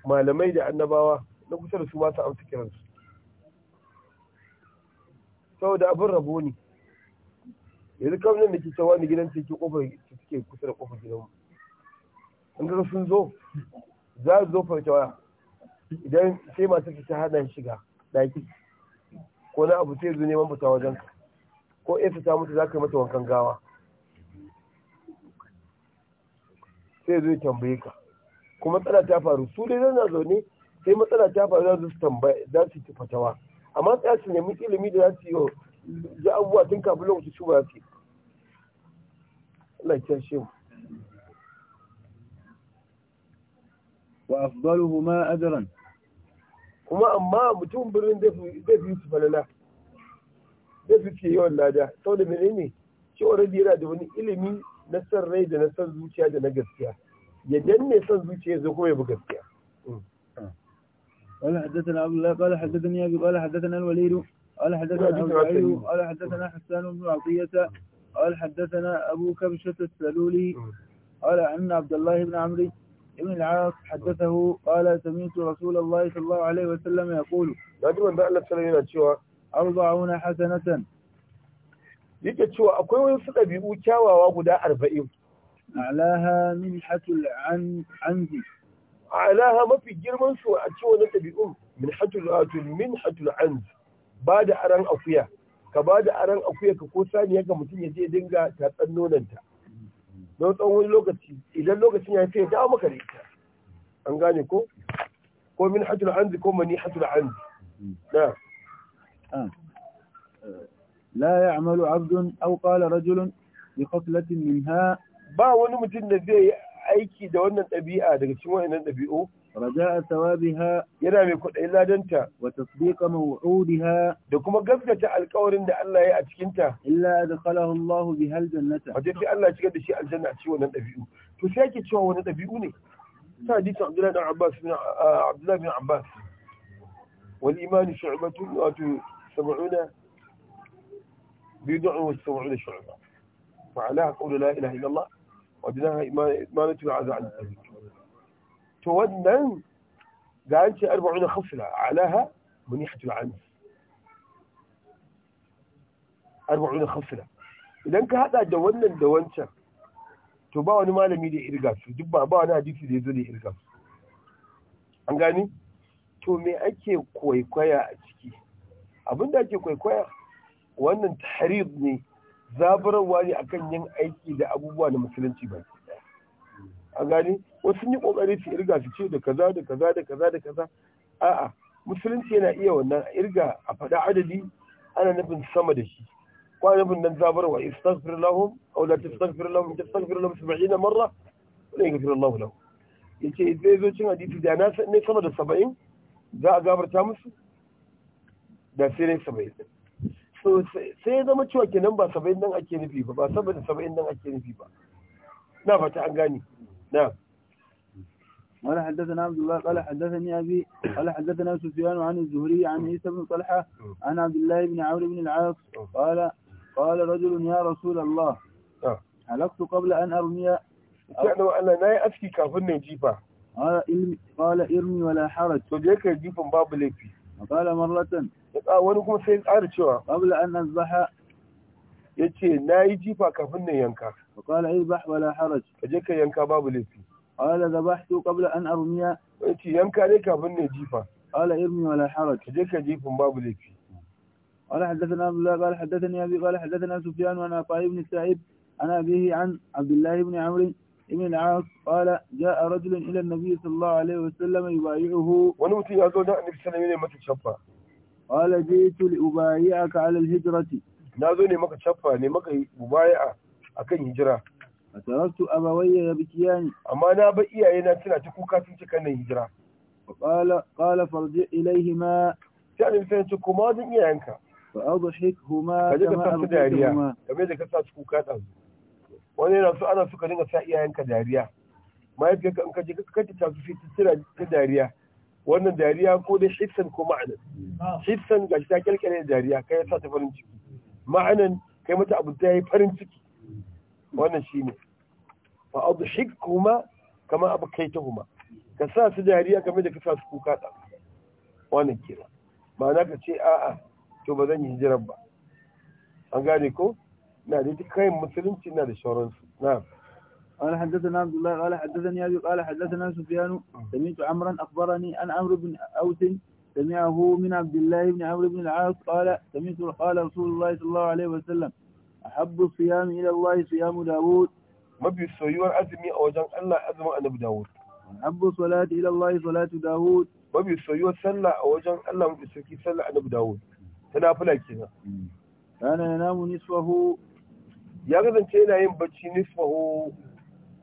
malamai da annabawa na kusa da su ba su amsa kiransu saboda abin rabo ne yanzu kamar nan da ke cewa ni gidan ce ke kofar suke kusa da kofar gidan mu in ga sun zo za su zo farce waya idan sai masu ta hana shiga daki ko na abu sai zo neman fita wajen ka ko in fita mutu za ka yi mata wankan gawa sai zo ya tambaye ka ko matsala ta faru su dai zan zaune sai matsala ta faru za su tambaye za su yi fatawa amma tsaya su nemi ilimi da za su yi za abubuwa tun kafin lokacin su ba su Allah ya shi wa afdaluhuma ajran kuma amma mutum birnin zai fi su falala zai fi ke yawan lada saboda menene shi already yana da wani ilimi na san rai da na san zuciya da na gaskiya ya san ya gaskiya قال حدثنا عبد الله قال حدثني ابي قال حدثنا الوليد قال حدثنا ابو قال حدثنا حسان بن قال حدثنا أبو كبشة السلولي قال عن عبد الله بن عمرو بن العاص حدثه قال سمعت رسول الله صلى الله عليه وسلم يقول أرضعون حسنة يجتشوا أكوين ويوصد أبيو تشاوى وقدا أربعين أعلاها منحة العنز أعلاها ما في جرمان شو أتشوى نتبئو آه، منحة العنز بعد أرن أفياه ka ba da aran akuya ka ko saniya ka mutum ya je dinga tatsan nonanta don tsawon wani lokaci idan lokacin ya fiye dawo maka da ita an gane ko ko min hatul anzi ko mani hatul anzi na لا يعمل عبد أو قال رجل بخصلة منها ba wani mutum da zai yi aiki da wannan ɗabi'a daga cikin wannan ɗabi'u raja'a thawabiha yana mai kuɗi ladanta wa tasdiqa maw'udiha da kuma gaskata alƙawarin da Allah ya a cikin ta illa adkhalahu Allah biha aljannata wajen sai Allah shigar da shi aljanna a cikin wannan ɗabi'u to sai yake cewa wani ɗabi'u ne ta hadisin Abdullahi bin Abbas bin Abdullahi bin Abbas فعلاها قول لا إله إلا الله ودناها إمانة وعزة عن التذكير to wannan ga an ce muni khasla alaha munihatul anis arba'una khasla idan ka hada da wannan da wancan to ba wani malami da irga su duk ba ba wani hadisi da ya zo da irga su an gani to me ake kwaikwaya a ciki abinda ake kwaikwaya wannan tahrib ne zaburarwa ne a kan yin aiki da abubuwa da musulunci ba an gani wasu yi kokari su irga su ce da kaza da kaza da kaza da kaza a'a musulunci yana iya wannan irga a faɗa adadi ana nufin sama da shi ko nufin dan zabarwa istaghfir lahum aw la tastaghfir lahum tastaghfir lahum 70 marra wala yaghfir Allah lahum yace zai zo cin hadisi da na ne sama da 70 za a gabarta musu da sai ne 70 so sai ya zama cewa kenan ba 70 nan ake nufi ba ba saboda 70 nan ake nufi ba na fata an gane na قال حدثنا عبد الله قال حدثني أبي قال حدثنا سفيان عن الزهري عن عيسى بن طلحة عن عبد الله بن عمرو بن العاص قال قال رجل يا رسول الله حلقت قبل أن أرمي يعني أنا لا أفكي كافرني جيبا قال إرمي قال إرمي ولا حرج فجيك جيبا باب ليكي قال مرة ونكم سيد أرشوا قبل أن أصبح yace nayi jifa kafin nan yanka qala izbah wala haraj kaje ka yanka babu laifi قال ذبحت قبل أن أرمي يتي ينكا لك بني جيفا قال ارمي ولا حرج جيك جيف باب ليكي قال حدثنا عبد الله قال حدثني أبي قال حدثنا سفيان وأنا عطاء بن سعيد عن أبيه عن عبد الله بن عمرو بن العاص قال جاء رجل إلى النبي صلى الله عليه وسلم يبايعه ونوتي هذول النبي صلى الله عليه وسلم قال جئت لأبايعك على الهجرة نازوني مكة شفا نمكة مبايعة أكن هجرة ya abawayya yabkiyani amma na ba iyaye na suna ta kuka sun cika nan hijira qala qala farji ilayhima ta ne sai ta kuma din iyayenka fa adhikhuma kama abdariya kamar da ka sa su kuka da wani yana so ana suka dinga sa iyayenka dariya mahaifiyarka in ka je ka ta su fi tira ta dariya wannan dariya ko da Shifsan ko ma'anan Shifsan ga ta da dariya kai ya sa ta farin ciki ma'anan kai mata abu ta yi farin ciki wannan shi ne. fa adhikhuma kama abkaitahuma ka sa su dariya kamar da ka sa su kuka da wannan kira ma'ana ka ce a'a to ba zan yi hijirar ba an gane ko na da duk kayan musulunci na da shauransu na'am قال حدثنا عبد الله قال حدثني ابي قال حدثنا سفيان سمعت عمرا اخبرني ان عمرو بن اوس سمعه من عبد الله بن عمرو بن العاص قال سمعت قال رسول الله صلى الله عليه وسلم احب الصيام الى الله صيام داوود mafi soyuwar azumi a wajen Allah azumin annabi Dawud abu salati ila Allah salatu Dawud mafi soyuwar sallah a wajen Allah mafi sarki sallah annabi Dawud ta nafila kenan hmm. kana yanamu nisfahu ya kasance yana yin bacci nisfahu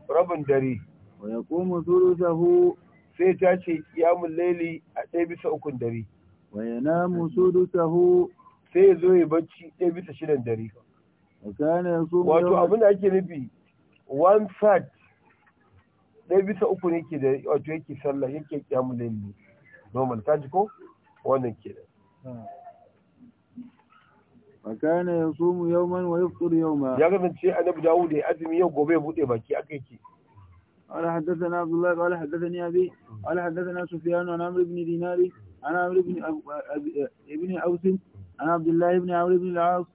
rabin dare wa yaqumu thuluthahu sai ta ce qiyamul laili a ɗaya bisa ukun dare wa yanamu thuluthahu sai ya zo ya bacci ɗaya bisa shidan dare wato abin da ake nufi one third ɗaya bisa uku ne ke da wato yake sallah yake kyamulin ne normal ka ji ko wannan ke da fakana ya sumu yau man wa yau ma. ya kasance annabi dawud ya azumi yau gobe ya bude baki akai ke قال حدثنا عبد الله قال حدثني ابي قال حدثنا سفيان عن عمرو بن دينار عن عمرو بن ابن اوس عن عبد الله بن عمرو بن العاص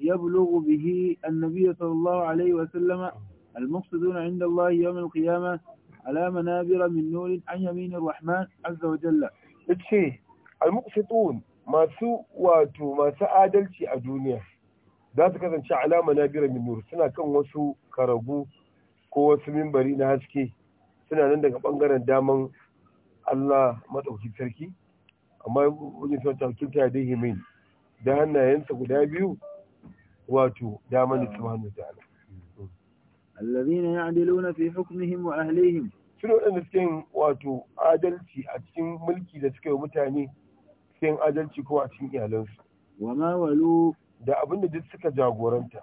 يبلغ به النبي صلى الله عليه وسلم المقصدون عند الله يوم القيامة على منابر من نور عن يمين الرحمن عز وجل ce almuqsitun masu wato masu adalci a duniya zasu kasance alama na bira min suna kan wasu karagu ko wasu mimbari na haske suna nan daga bangaren daman Allah madauki sarki amma wajen sun tawakilta da himin da hannayensa guda biyu wato daman subhanahu ta'ala alladhina na fi hukumihin wa ahlihim suna waɗanda suke yin wato adalci a cikin mulki da suka yi mutane suke adalci kowa a cikin iyalansu wa ma walu da abin da duk suka jagoranta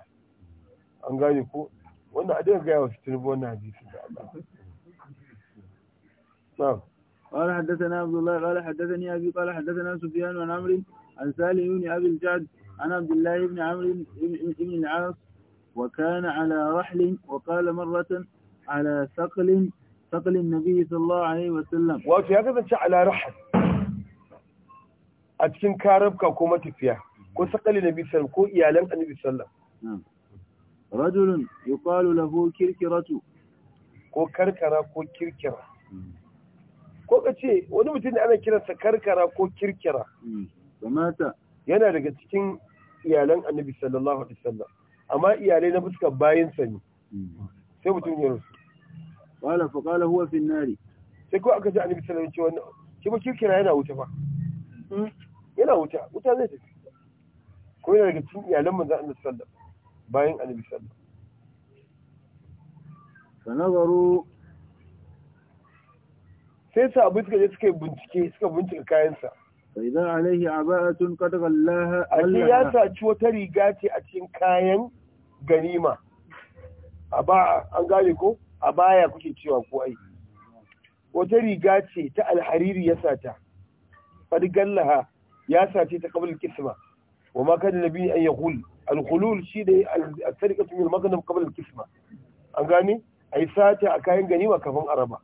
an gane ko wanda a daga gaya wasu turbo wannan hadisi da Allah na'am قال حدثنا عبد الله قال حدثني ابي قال حدثنا سفيان عن عمرو عن سالم بن أبي الجعد عن عبد الله بن عمرو بن العاص وكان على رحل وقال مرة على ثقل ثقل النبي صلى الله عليه وسلم وفي هذا على رحل a cikin karabka ko matafiya ko sakali na bisan ko iyalan annabi sallam rajulun yuqalu lahu kirkiratu ko karkara ko kirkira ko kace wani mutum da ana kiransa karkara ko kirkira mata yana daga cikin iyalan annabi sallallahu alaihi wasallam amma iyalai na fuskar bayan sa ne sai mutum ya rusu wala fa qala huwa fi nari sai ko aka ji annabi sallallahu alaihi wasallam shi ba kira yana wuta fa yana wuta wuta zai tafi ko yana daga cikin iyalan manzon annabi sallallahu bayin annabi sallallahu fa sai sa abu suka je suka bincike suka bincika kayansa فإذا عليه عباءة قد غلاها أشي يا ساتشو تريقاتي أتين كاين غنيمة أباء أنقالكو أبايا كوكي تشيوان كوي وتريقاتي تا الحريري يا ساتا قد غلاها يا ساتي تقبل الكسمة وما كان النبي أن يقول الخلول شيء السرقة من المغنم قبل الكسمة أنقاني أي ساتي أكاين غنيمة كفن أربا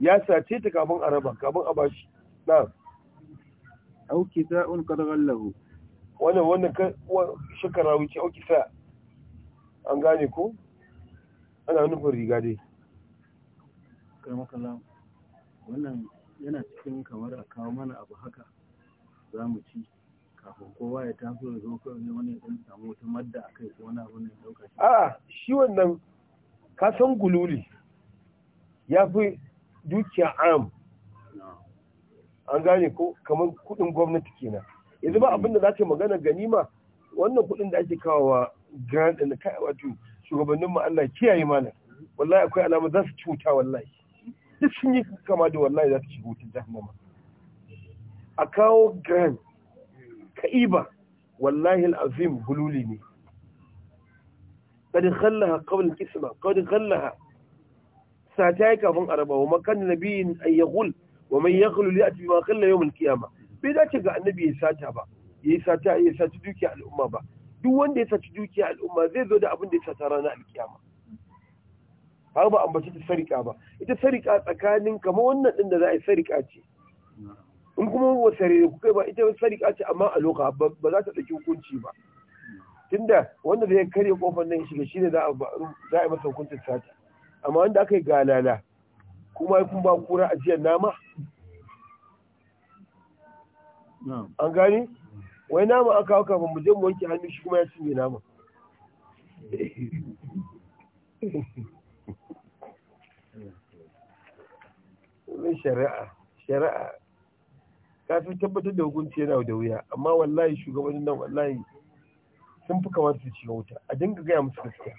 ya sace ta kafin a raba kafin a bashi na'am أو كساء قد غله wannan وانا shakara wuce au kisa an gane ko ana nufin riga dai karmakala wannan yana cikin kamar a kawo mana abu haka za mu kowa ya taso da zo ne wani ɗan samu wata madda a kai ko wani abu ne shi wannan kasan gululi ya fi dukiya am an gane ko kamar kuɗin gwamnati kenan yanzu ba abin da za ka magana ganima wannan kuɗin da ake kawo wa grand da kai wato shugabannin mu Allah kiyaye mana wallahi akwai alama za su cuta wallahi duk sun yi kama da wallahi za su ci hutun jahannama a kawo grand ka'iba wallahi al'azim hululi ne قد خلها قبل الكسمة قد خلها ساتايك فان أربعه وما كان نبي أن يغل wa mai yaghlu li ati ma qalla ya al kiyama. bai dace ga annabi ya sata ba yayi sata ya sata dukiya al'umma ba duk wanda ya saci dukiya al'umma zai zo da abin da ya sata ranar alkiyama har ba ambaci ta sarika ba ita sarika tsakanin kamar wannan din da za a yi sarika ce in kuma wasare ku kai ba ita sarika ce amma a loka ba za ta ɗauki hukunci ba tunda wanda zai karya kofar nan shiga shine za a za a yi masa hukuncin sata amma wanda aka yi galala kuma kun ba kura ajiyar nama an gani wai nama aka hauka ba mu je mu wanke hannu shi kuma ya cinye nama Wani shari'a shari'a fi tabbatar da hukunci yana da wuya amma wallahi shugabannin nan wallahi sun fi kamar su ci wuta a dinga gaya musu gaskiya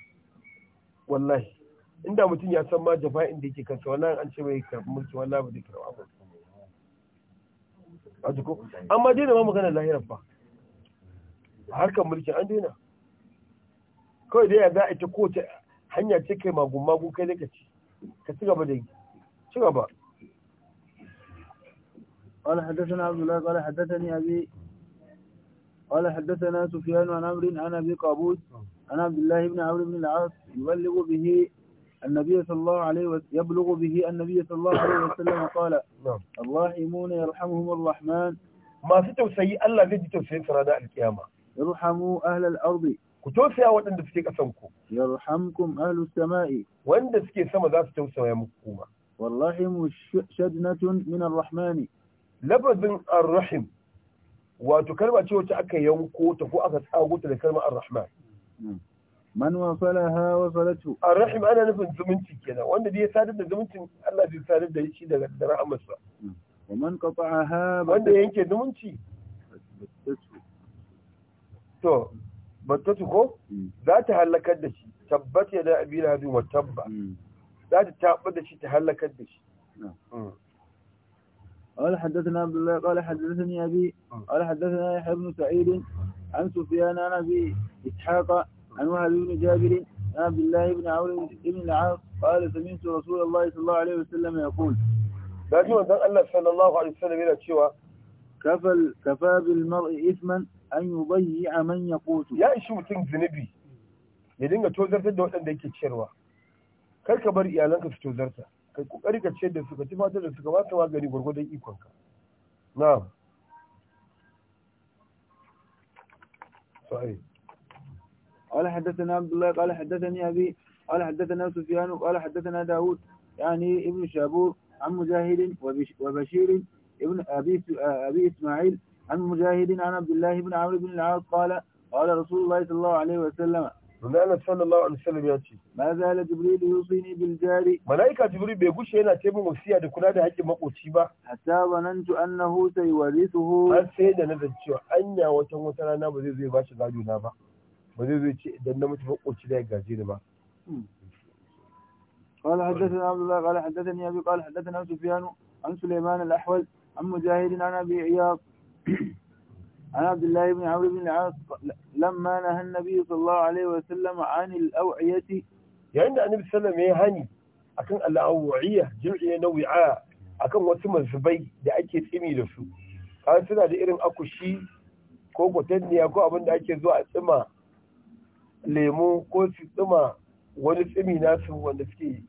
wallahi inda mutum ya san ma jafa'in da yake kansa wannan an ce mai karɓi mulki wallahi ba zai karɓa ba a jiko amma daina ma magana lahirar ba a harkar mulkin an daina kawai dai za a ita kowace hanya ce kai magun magun kai da kaci ka ci gaba da yi ci gaba قال حدثنا عبد الله قال حدثني أبي قال حدثنا سفيان عن عمرو عن أبي قابوس عن عبد الله بن عمرو بن العاص يبلغ به النبي صلى الله عليه وسلم يبلغ به النبي صلى الله عليه وسلم قال نعم. الرحمون يرحمهم الرحمن ما في توسي الله زي توسي في رداء القيامة يرحموا أهل الأرض كتوسي أو عند سكي أسمكم يرحمكم أهل السماء وعند سكي سما ذات توسي ويمكم والله شدنة من الرحمن لبد الرحم وتكلم أشياء أكي يوم كوت أكو أغسى أغوت الرحمن نعم. man wa wasalaha wasalatu arrahim ana nufin zumunci kenan wanda ya sadar da zumuncin Allah zai sadar da shi daga rahamarsa hmm. wa man qata'aha wanda yanke zumunci to battatu ko hmm. za ta halakar da shi tabbat ya da abin hadu wa tabba hmm. za ta tabar da shi ta halakar da shi قال حدثنا عبد الله قال حدثني أبي قال حدثنا يحيى بن سعيد عن سفيان عن أبي إسحاق عن وهب بن جابر عن عبد الله بن عمرو بن العاص قال سمعت رسول الله صلى الله عليه وسلم يقول داجي من الله صلى الله عليه وسلم yana cewa kafal kafa bil mar'i ithman an yudayya man yaqutu ya ishi mutum zunubi ya dinga tozartar da waɗanda yake ciyarwa kar ka bar iyalanka su tozarta kai kokari ka ciyar da su ka da su ka ba ta magani gwargwadon ikonka na'am sorry قال حدثنا عبد الله قال حدثني أبي قال حدثنا سفيان قال حدثنا داود يعني ابن شابور عن مجاهد وبشير ابن أبي, أبي إسماعيل عن مجاهد عن عبد الله بن عمرو بن العاص قال قال رسول الله صلى الله عليه وسلم Manzana sallallahu alaihi wasallam ya ce, "Ma zala Jibril yusini bil jari." Malaika Jibril bai gushe yana taimu wasiya da kula da haƙƙin makoci ba. Hatta banantu annahu sayuwarithuhu. Har sai da na cewa anya watan wata rana ba zai zai bashi ba. ba zai zai ce idan na mutu makoci da ya gaji ni ba hmm. قال حدثنا عبد الله قال حدثني ابي قال حدثنا سفيان عن سليمان الاحول عن مجاهد عن ابي عياض عن عبد الله بن عمرو بن العاص لما نهى النبي صلى الله عليه وسلم عن الاوعيه yayin da annabi sallam ya hani akan al'awu'iyya jim'i na wi'a akan wasu mazubai da ake tsimi da su kan suna da irin akushi ko kwatanniya ko abin da ake zuwa a tsima lemo ko su tsuma wani tsimi nasu wanda suke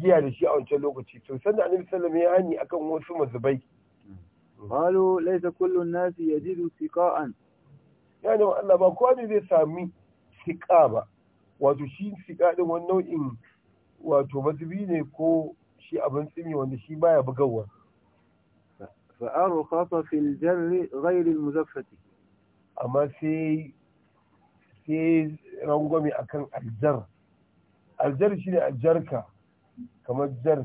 giya da shi a wancan lokaci to sanda annabi sallallahu alaihi wasallam ya hani akan wasu mazubai qalu laysa kullu an-nasi yajidu siqa'an yani Allah ba kowa ne zai sami siqa ba wato shi siqa din wani nau'in wato mazubi ne ko shi abin tsimi wanda shi baya bugawa fa'arukasa fil jarri ghayr al-muzaffati amma sai sai rangwame akan aljar aljar shi ne aljarka kamar jar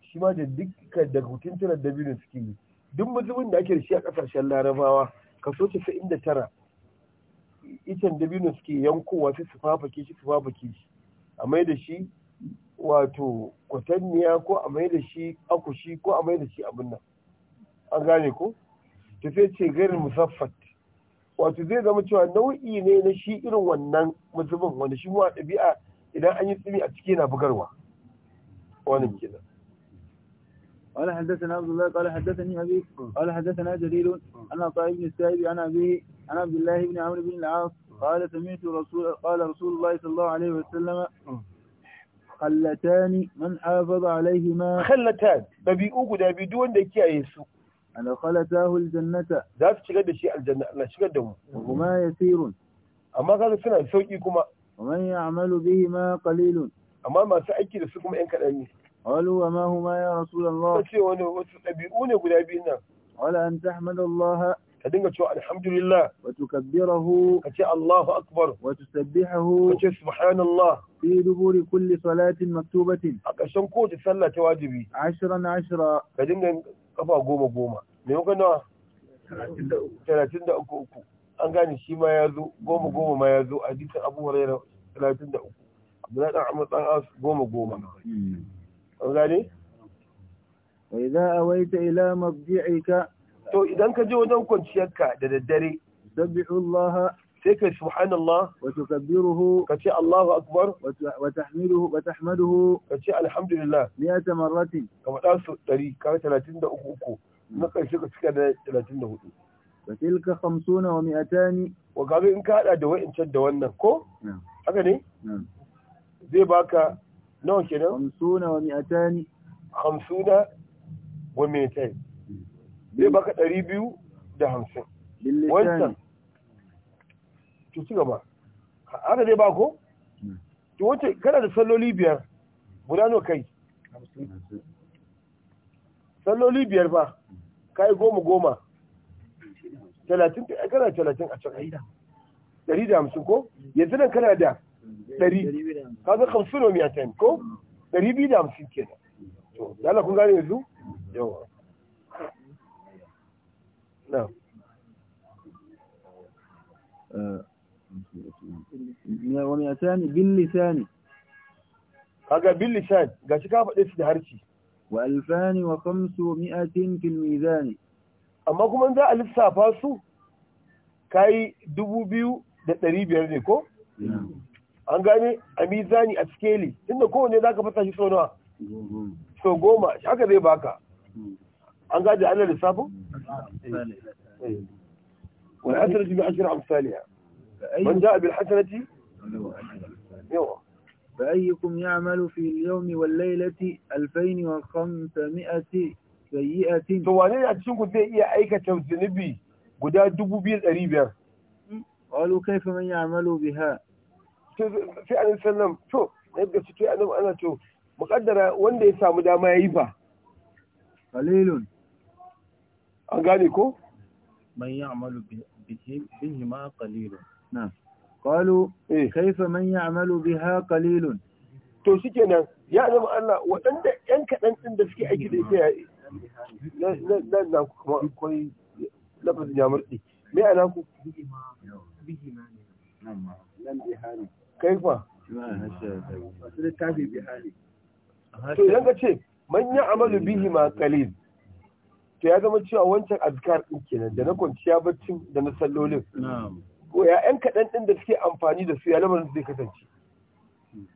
shi ma da duka da hutun da dabino suke yi duk musulun da ake da shi a kasashen larabawa kaso casa'in da tara itan dabino suke yankowa sai su fafake shi su fafake shi a mai da shi wato kwatanniya ko a mai da shi akushi ko a mai da shi abin nan an gane ko ta sai ce gairin musaffat wato zai zama cewa nau'i ne na shi irin wannan mazubin wanda shi muwa ɗabi'a idan an yi tsimi a ciki yana bugarwa wannan kenan قال حدثنا عبد الله قال حدثني أبي قال حدثنا جرير أن طائب بن السائب عن أبيه عن عبد الله بن عمرو بن العاص قال سمعت رسول قال رسول الله صلى الله عليه وسلم خلتان من حافظ عليهما خلتان ɗabi'u guda biyu duk wanda kiyaye su adkhalatahu aljannata za su shigar da shi aljanna na shigar da mu kuma sirun. amma kaga suna sauki kuma ya يعمل به ma قليل amma masu aiki da su kuma yan kaɗan ne qalu wa ma huma ya rasulullah ce wani wasu ɗabi'u ne guda biyu nan Wala an tahmadallaha ka dinga cewa alhamdulillah wa tukabbirahu ka ce Allahu akbar wa tusabbihahu ka ce subhanallah fi duburi kulli salatin maktubatin a ƙarshen kowace sallah ta wajibi ashiran ashira ka dinga kafa goma goma me kuka nawa talatin da uku uku an gane shi ma ya zo goma goma ma ya zo a jikin abu huraira talatin da uku abdullahi dan amur dan as goma goma hmm. an gane wa idza awaita ila mabdi'ika to idan ka je wajen kwanciyarka da daddare sabbihullaha sai ka subhanallah wa tukabbiruhu ka ce Allahu akbar wa tahmiduhu wa tahmaduhu ka ce alhamdulillah miyata marratin ka faɗa su 100 ka da uku na karshe ka cika da 34 wa tilka 50 wa 200 wa kaga in ka hada da wa'incan da wannan ko haka ne zai baka nawa kenan 50 wa 200 50 wa 200 zai baka ɗari biyu da hamsin wancan to ci gaba haka zai ba ko to wace kana da salloli biyar guda nawa kai salloli biyar ba kai goma goma talatin kana talatin a can ɗari da hamsin ko yanzu nan kana da ɗari kaga hamsin o miya ko ɗari biyu da hamsin ke to da kun gane yanzu yawa Eh, wani a sani bin lisani kaga Billi Sani, ga shi ka faɗe su da harci wa alfani wa kamsu mi'atin fil mizani amma kuma za a lissafa su kayi dubu biyu da ɗari biyar ne ko an gane a mizani a skeli inda kowane za ka fasa shi sau nawa sau goma haka zai baka an gaji ana lissafin إيه. إيه. والحسنة بعشر أمثالها من جاء بالحسنة يوم فأيكم يعمل في اليوم والليلة ألفين وخمسمائة سيئة تواني أتشنكو زي إيه أيكا تنزنبي قد دبو بيل أريبا قالوا كيف من يعمل بها في أنا سلم شو نبقى ستوى أنا وأنا شو مقدرة وين يسامو دا ما يبا قليل an gane ko man amalu bihi ma qalilun na qalu eh. kaifa man ya'malu biha qalilun to nan, ya zama Allah waɗanda ƴan kaɗan ɗin da suke aiki da ita ya na na kuma akwai lafazin ya murɗi me ana ku kaifa to idan ka ce man amalu bihi ma qalil to ya zama cewa wancan azkar din kenan da na kwanciya baccin da na sallolin ko ya yan kaɗan ɗin da suke amfani da su ya lamarin zai kasance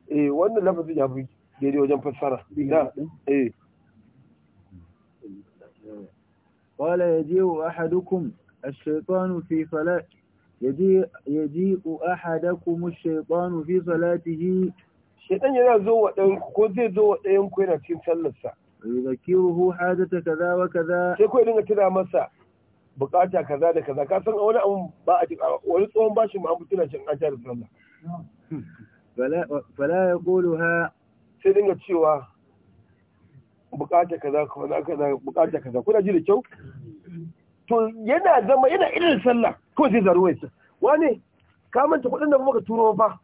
eh wannan lafazin ya fi daidai wajen fassara na eh قال يجيء أحدكم الشيطان في صلاة يجيء يجيء أحدكم الشيطان في صلاته شيطان yana zo wa ɗayan ko zai zo wa ɗayan ku yana cikin sallarsa yuzakiruhu hajata kaza wa kaza sai ko dinga tuna masa bukata kaza da kaza ka san wani abu ba a wani tsohon bashi ma an mutuna shi an tare sallah fala ya ha sai dinga cewa bukata kaza kaza kaza bukata kaza kuna ji da kyau to yana zama yana irin sallah ko sai zaruwai Wani ka manta kudin da kuma ka turo fa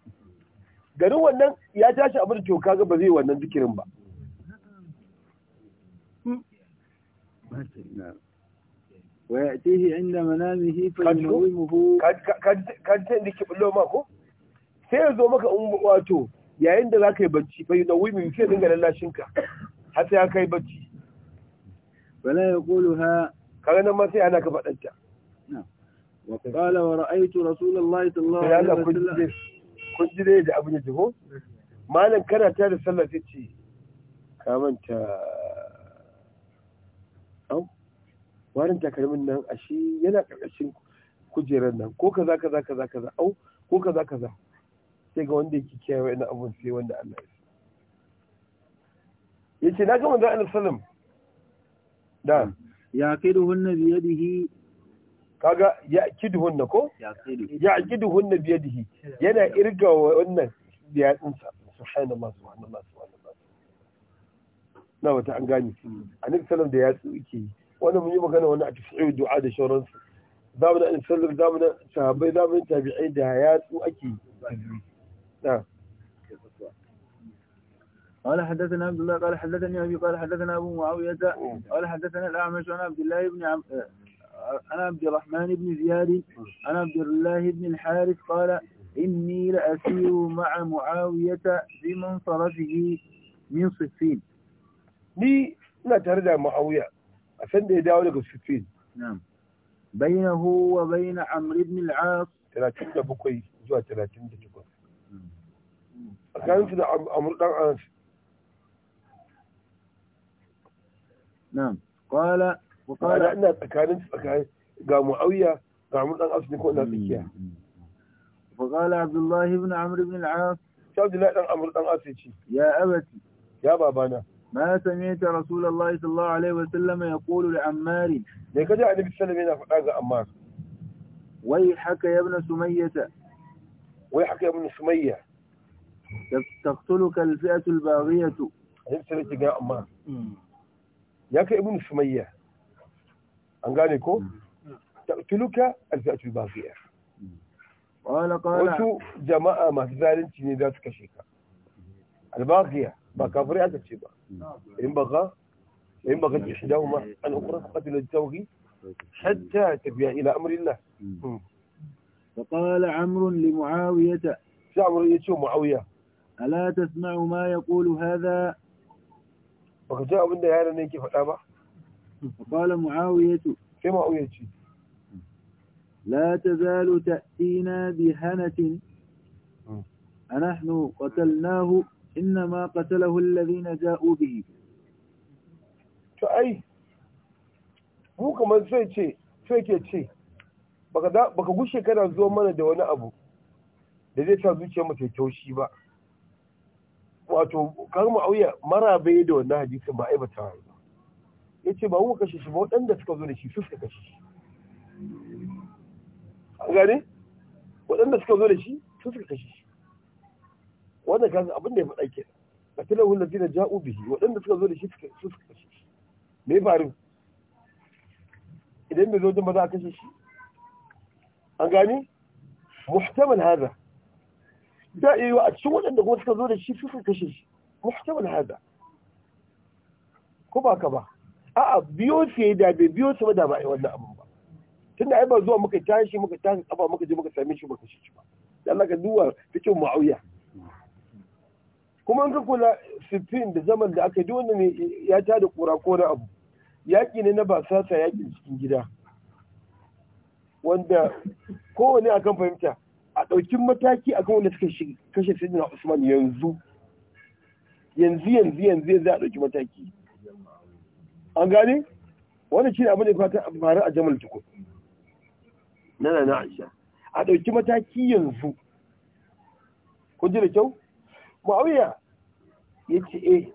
garin wannan ya tashi abin da to kaga ba zai wannan zikirin ba ويأتيه عند منامه فينومه كان تندي كبلو ماكو sai ya zo maka in wato yayin da za ka yi bacci bai da wimi sai dinga lallashin ka har sai ya kai bacci wala ya kulu ha kaga nan ma sai ana ka faɗan ta qala kun da abin malam kana da ka manta au warin takalmin nan ashe yana karkashin kujerar nan ko kaza kaza kaza kaza au ko kaza kaza sai ga wanda yake kiyaye wa'in abun sai wanda Allah ya yace na ga manzo Allah sallam da ya hunna bi yadihi kaga ya hunna ko ya hunna bi yadihi yana irga wannan sa subhanallahi subhanallah subhanallah na wata an gane annabi sallam da yatsu yake wannan mun yi magana wannan a tafi'u du'a da shauransu zamanin annabi sallam zamanin sahabbai zamanin tabi'ai da قال حدثنا عبد الله قال حدثني ابي قال حدثنا ابو معاويه قال حدثنا الاعمش عن عبد الله بن عم... انا عبد الرحمن بن زياد انا عبد الله بن الحارث قال اني لاسير مع معاويه في منصرته من صفين ni ina tare da ma'auya a san da ya dawo daga sufin bainahu wa bain amr ibn al-as 37 zuwa 38 hmm. tsakaninsu da amr dan anas na'am qala qala ina tsakanin tsakanin ga muawiya ga amr dan as ne ko ina hmm. tsakiya فقال عبد ibn بن ibn بن العاص عبد الله بن عمرو بن العاص ya abati ya babana ما سمعت رسول الله صلى الله عليه وسلم يقول لعمار لك جاء النبي صلى الله عليه وسلم يقول عمار ويحك يا ابن سمية ويحك يا ابن سمية تقتلك الفئة الباغية النبي صلى الله عليه عمار يا ابن سمية أنقاني كو تقتلك الفئة الباغية قال قال وشو جماعة ما تزالنتني ذاتك شيكا الباغية بكفري هذا الشيء بقى نعم. إن بقى إن بقى تحدوما الأخرى قتل التوغي حتى تبيع إلى أمر الله نعم. فقال عمرو لمعاوية سامر عمرو معاوية ألا تسمع ما يقول هذا وكتاء من دهالة نيكي فتابع فقال معاوية في معاوية لا تزال تأتينا بهنة أنحن قتلناه إنما قتله الذين جاءوا به فأي mu kamar sai ce sai ke ce baka gushe kana zo mana da wani abu da zai sa zuciya mu taushi ba wato kar mu auya mara bai da wannan hadisin ba ai ba ta ya ce ba mu kashe shi ba waɗanda suka zo da shi suka kashe shi an waɗanda suka zo da shi suka kashe shi wannan kaga abin da ya faɗa ke a kila wani da ja'u bihi waɗanda suka zo da shi suka kashe shi me faru idan bai zo da ba za a kashe shi an gani muhtamal haza da iya a cikin waɗanda kuma suka zo da shi suka kashe shi muhtamal haza ko ba ka ba a'a biyo su da bai biyo su ba da ba a yi wannan abin ba tunda ai ba zuwa muka tashi muka tashi kafa muka je muka same shi muka kashe shi ba da Allah ka duwa cikin ma'auya kuma an ka kula siffin da zaman da aka yi duk ya ta da kura ko na abu yaƙi ne na ba sasa yaƙin cikin gida wanda kowane akan fahimta a ɗaukin mataki akan wanda suka kashe sidina usman yanzu yanzu yanzu yanzu yanzu a ɗauki mataki an gane wani shi abin da ya fata a faru a jamal tukun na na aisha a ɗauki mataki yanzu kun ji da kyau muawiya ya ce eh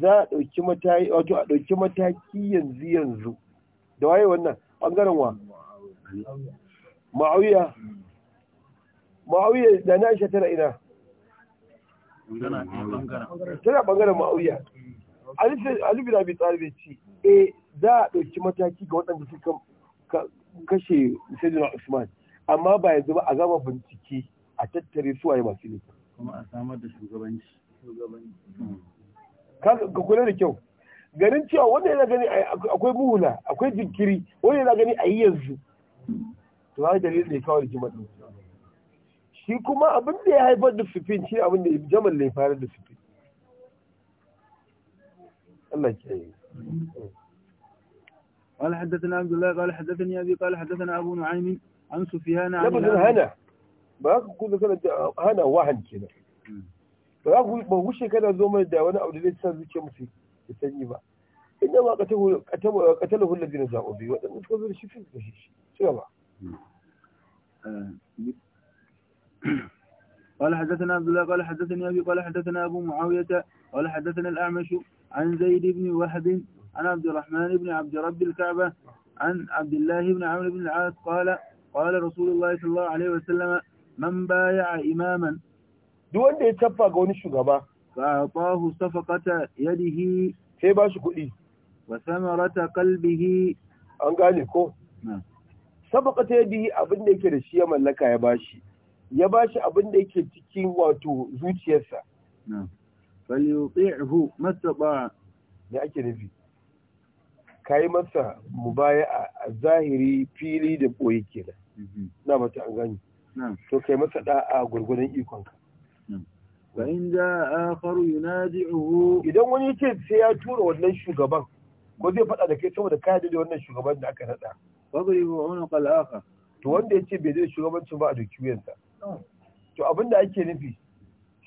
za a ɗauki mataki wato a ɗauki mataki yanzu yanzu da waye wannan ɓangaren wa Muawiya. Muawiya da na isha tana ina tana ɓangaren ma'auya alifi da bi tsari ci e eh, za a ɗauki mataki ga waɗanda suka kashe sayyidina usman amma ba yanzu ba a gama bincike a tattare suwaye masu laifi kuma a samar da shugabanci ka kula da kyau Ganin cewa wanda yana gani akwai buhula akwai jinkiri wanda yana gani a yi yanzu to haka dalilin da ya kawo da ɗin shi kuma abin da ya haifar da fifin shi abin da jamal ne fara da fifin Allah ke yi قال حدثنا عبد الله قال حدثني ابي قال حدثنا ابو نعيم عن سفيان عن هنا baka kuzo kana hana wahan kenan ba ku ba wuce kana zo mai da wani audi zai san zuciya قال حدثنا عبد الله قال حدثني ابي قال حدثنا ابو معاويه قال حدثنا الاعمش عن زيد بن وهب عن عبد الرحمن بن عبد رب الكعبه عن عبد الله بن عمرو بن العاص قال قال رسول الله صلى الله عليه وسلم man baya a imaman duk wanda ya caffa ga wani shugaba fa atahu safaqata yadihi sai ba shi kuɗi wa samarata qalbihi an gane ko safaqata yadihi abin da yake da shi ya mallaka ya bashi ya bashi abin da yake cikin wato zuciyarsa falyuti'hu mastata da ake nufi yi masa mubaya'a a zahiri fili da boye kenan mhm. na mata an gani to kai masa da'a gurgurdan ikonka fa in jaa akharu yunadi'uhu idan wani yace sai ya tura wannan shugaban ko zai faɗa da kai saboda ka da wannan shugaban da aka nada fadribu unqa al-akhar to wanda yace bai da shugabancin ba a doki wuyansa to abinda ake nufi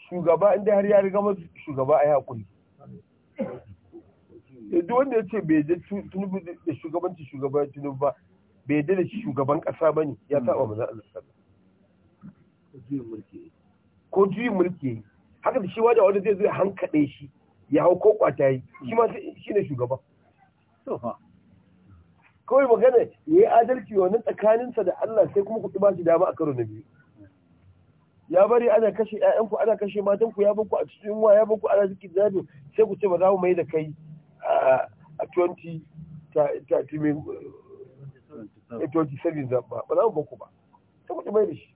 shugaba inda har ya riga masa shugaba ai hakuri duk wanda ya ce bai da tunubu da shugabanci shugaban tunubu ba bai da shugaban kasa ba ne ya saba maza Allah sallallahu juyin mulki ko juyin mulki haka da shi wajen wanda zai zo ya hankaɗe shi ya hau ko kwata yi shi ma shi ne shugaba kawai magana ya yi adalci wannan tsakaninsa da Allah sai kuma kuɗi ba shi dama a karo na biyu ya bari ana kashe ƴaƴanku ana kashe matanku ya banku a cikin wa ya banku ana cikin zabi sai ku ce ba za mu mai da kai a 20 27 ba ba za mu banku ba sai ku mai da shi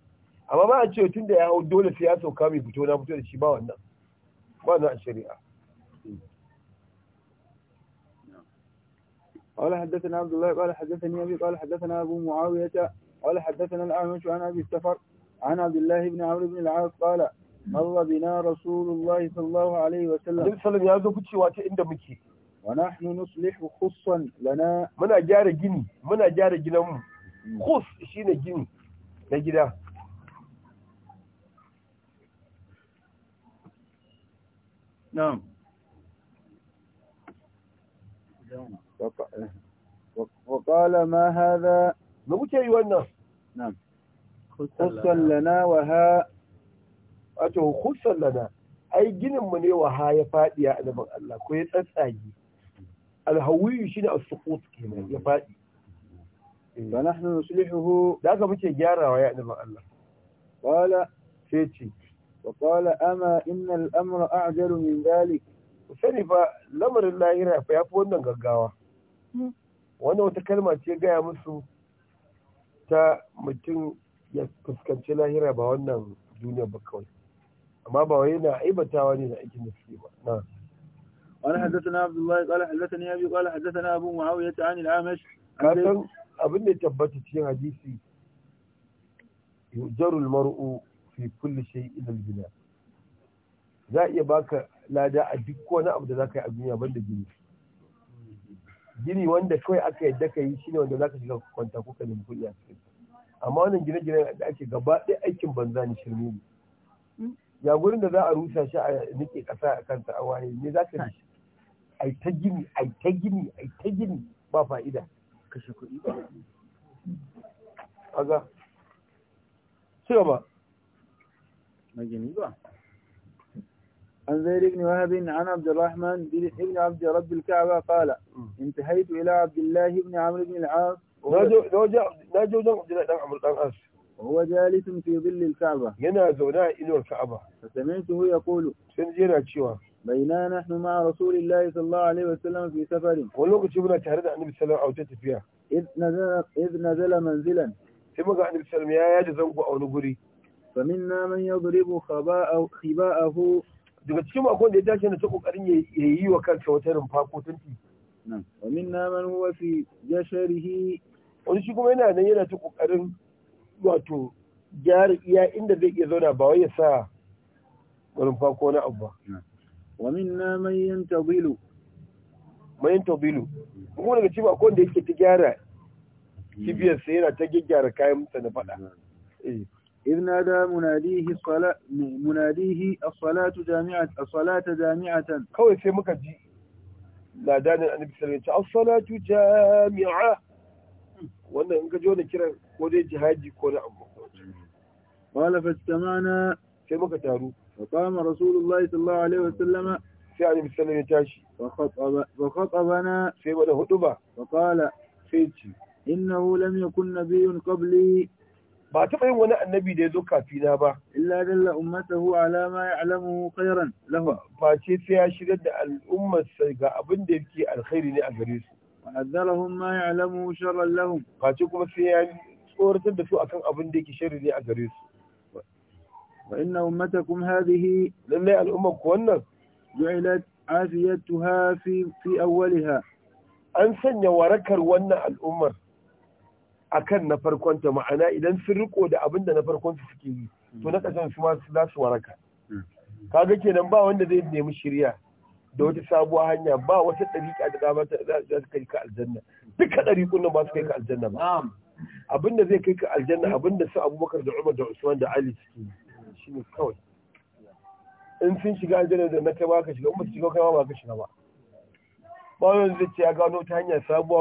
amma ba a ce tun da ya hau dole sai ya sauka mai fito na fito da shi ba wannan ba na shari'a قال حدثنا عبد الله قال حدثني أبي قال حدثنا أبو معاوية قال حدثنا الأعمش عن أبي السفر عن عبد الله بن عمرو بن العاص قال مر بنا رسول الله صلى الله عليه وسلم صلى الله عليه وسلم ونحن نصلح خصا لنا منا جار جني منا جار جنم خص شيء جني na gida نعم وقال ما هذا نبوكي يوانا نعم خصا لنا وها أتو خصا لنا أي جنم من وها يفادي يا أنبان الله كوي تساجي الهوي شنو السقوط كيما يفادي فنحن نصلحه ذاك بوكي جارة يا أنبان الله قال فيتي وقال أما إن الأمر أعجل من ذلك sani fa lamarin lahira ya fi wannan gaggawa wani wata kalma ce gaya musu ta mutum ya fuskanci lahira ba wannan duniya ba amma ba wai na aibatawa ne da aikin da suke ba na wani haddathana abdullahi qala haddathani abi qala haddathana abu muawiya an al-amash kasan abin da tabbata cikin hadisi Jarul mar'u fi kulli shay'in al-bina za a iya baka lada a duk wani abu da zaka yi a duniya banda gini gini wanda kawai aka yadda ka yi shine wanda zaka shiga kwanta ko kalin nemi a cikin amma wannan gine-ginen da ake gaba ɗaya aikin banza ne shirme ne ya gurin da za a rusa shi a nike ƙasa a kanta a waye ne za ka ai ta gini ai ta gini ai ta gini ba fa'ida kashe kuɗi ba aga sai ba مجنون عن زيد بن وهب عن عبد الرحمن بن عبد رب الكعبة قال انتهيت إلى عبد الله بن عمرو بن العاص وهو جالس في ظل الكعبة هنا إلى الكعبة فسمعته يقول بينا نحن مع رسول الله صلى الله عليه وسلم في سفر النبي صلى الله عليه وسلم إذ نزل إذ نزل منزلا ثم قال النبي صلى الله عليه وسلم يا يا جزنكو أو نقري فمنا من يضرب خباءه daga cikin akwai da ya tashi na ta kokarin ya yi wa kanka wata rumfa ko tanti wa minna man huwa fi jasharihi wani shi kuma yana nan yana ta kokarin wato gyara iya inda zai iya zauna ba wai ya sa rumfa ko na abu ba wa minna man yantazilu man yantazilu kuma daga cikin akwai da yake ta gyara hmm. kibiyar sai yana ta gyara kayan mutane fada eh إذ نادى مناديه الصلاة مناديه الصلاة جامعة الصلاة جامعة كوي في مكجي لا دانا النبي صلى الله عليه وسلم الصلاة جامعة وانا انك جونا كرا كودي جهاجي كونا أمو قال فاجتمعنا في مكتارو فقام رسول الله صلى الله عليه وسلم في النبي صلى الله عليه وسلم تاشي فخطب فخطبنا في ولا هدبة وقال فيتي إنه لم يكن نبي قبلي ba taɓa yin wani annabi da ya zo kafina ba illa dalla ummatahu ala ma ya'lamu khairan lahu face sai ya shigar da al'ummarsa ga abin da yake alkhairi ne a gare su wa azzalahum ma alamu sharran lahum face kuma sai ya tsoratar da su akan abin da yake sharri ne a gare su wa inna ummatakum hadhihi al'ummar ku wannan ju'ilat afiyatuha fi fi awwaliha an sanya warakar wannan al'ummar akan na farkon ta ma'ana idan sun riko da abin da na farkon su suke yi to na kasan su ma za su waraka hmm. kaga kenan ba wanda zai nemi shirya da wata sabuwa hanya ba wata ɗariƙa da dama za su kai ka aljanna duka ɗariƙun nan ba su kai ka aljanna ba abinda zai kai ka aljanna abinda su abubakar da umar da usman da ali suke shi ne kawai in sun shiga aljanna da na kai ba ka shiga umar shiga kai ba ka shiga ba ba wani zai ce ya gano ta hanyar sabuwa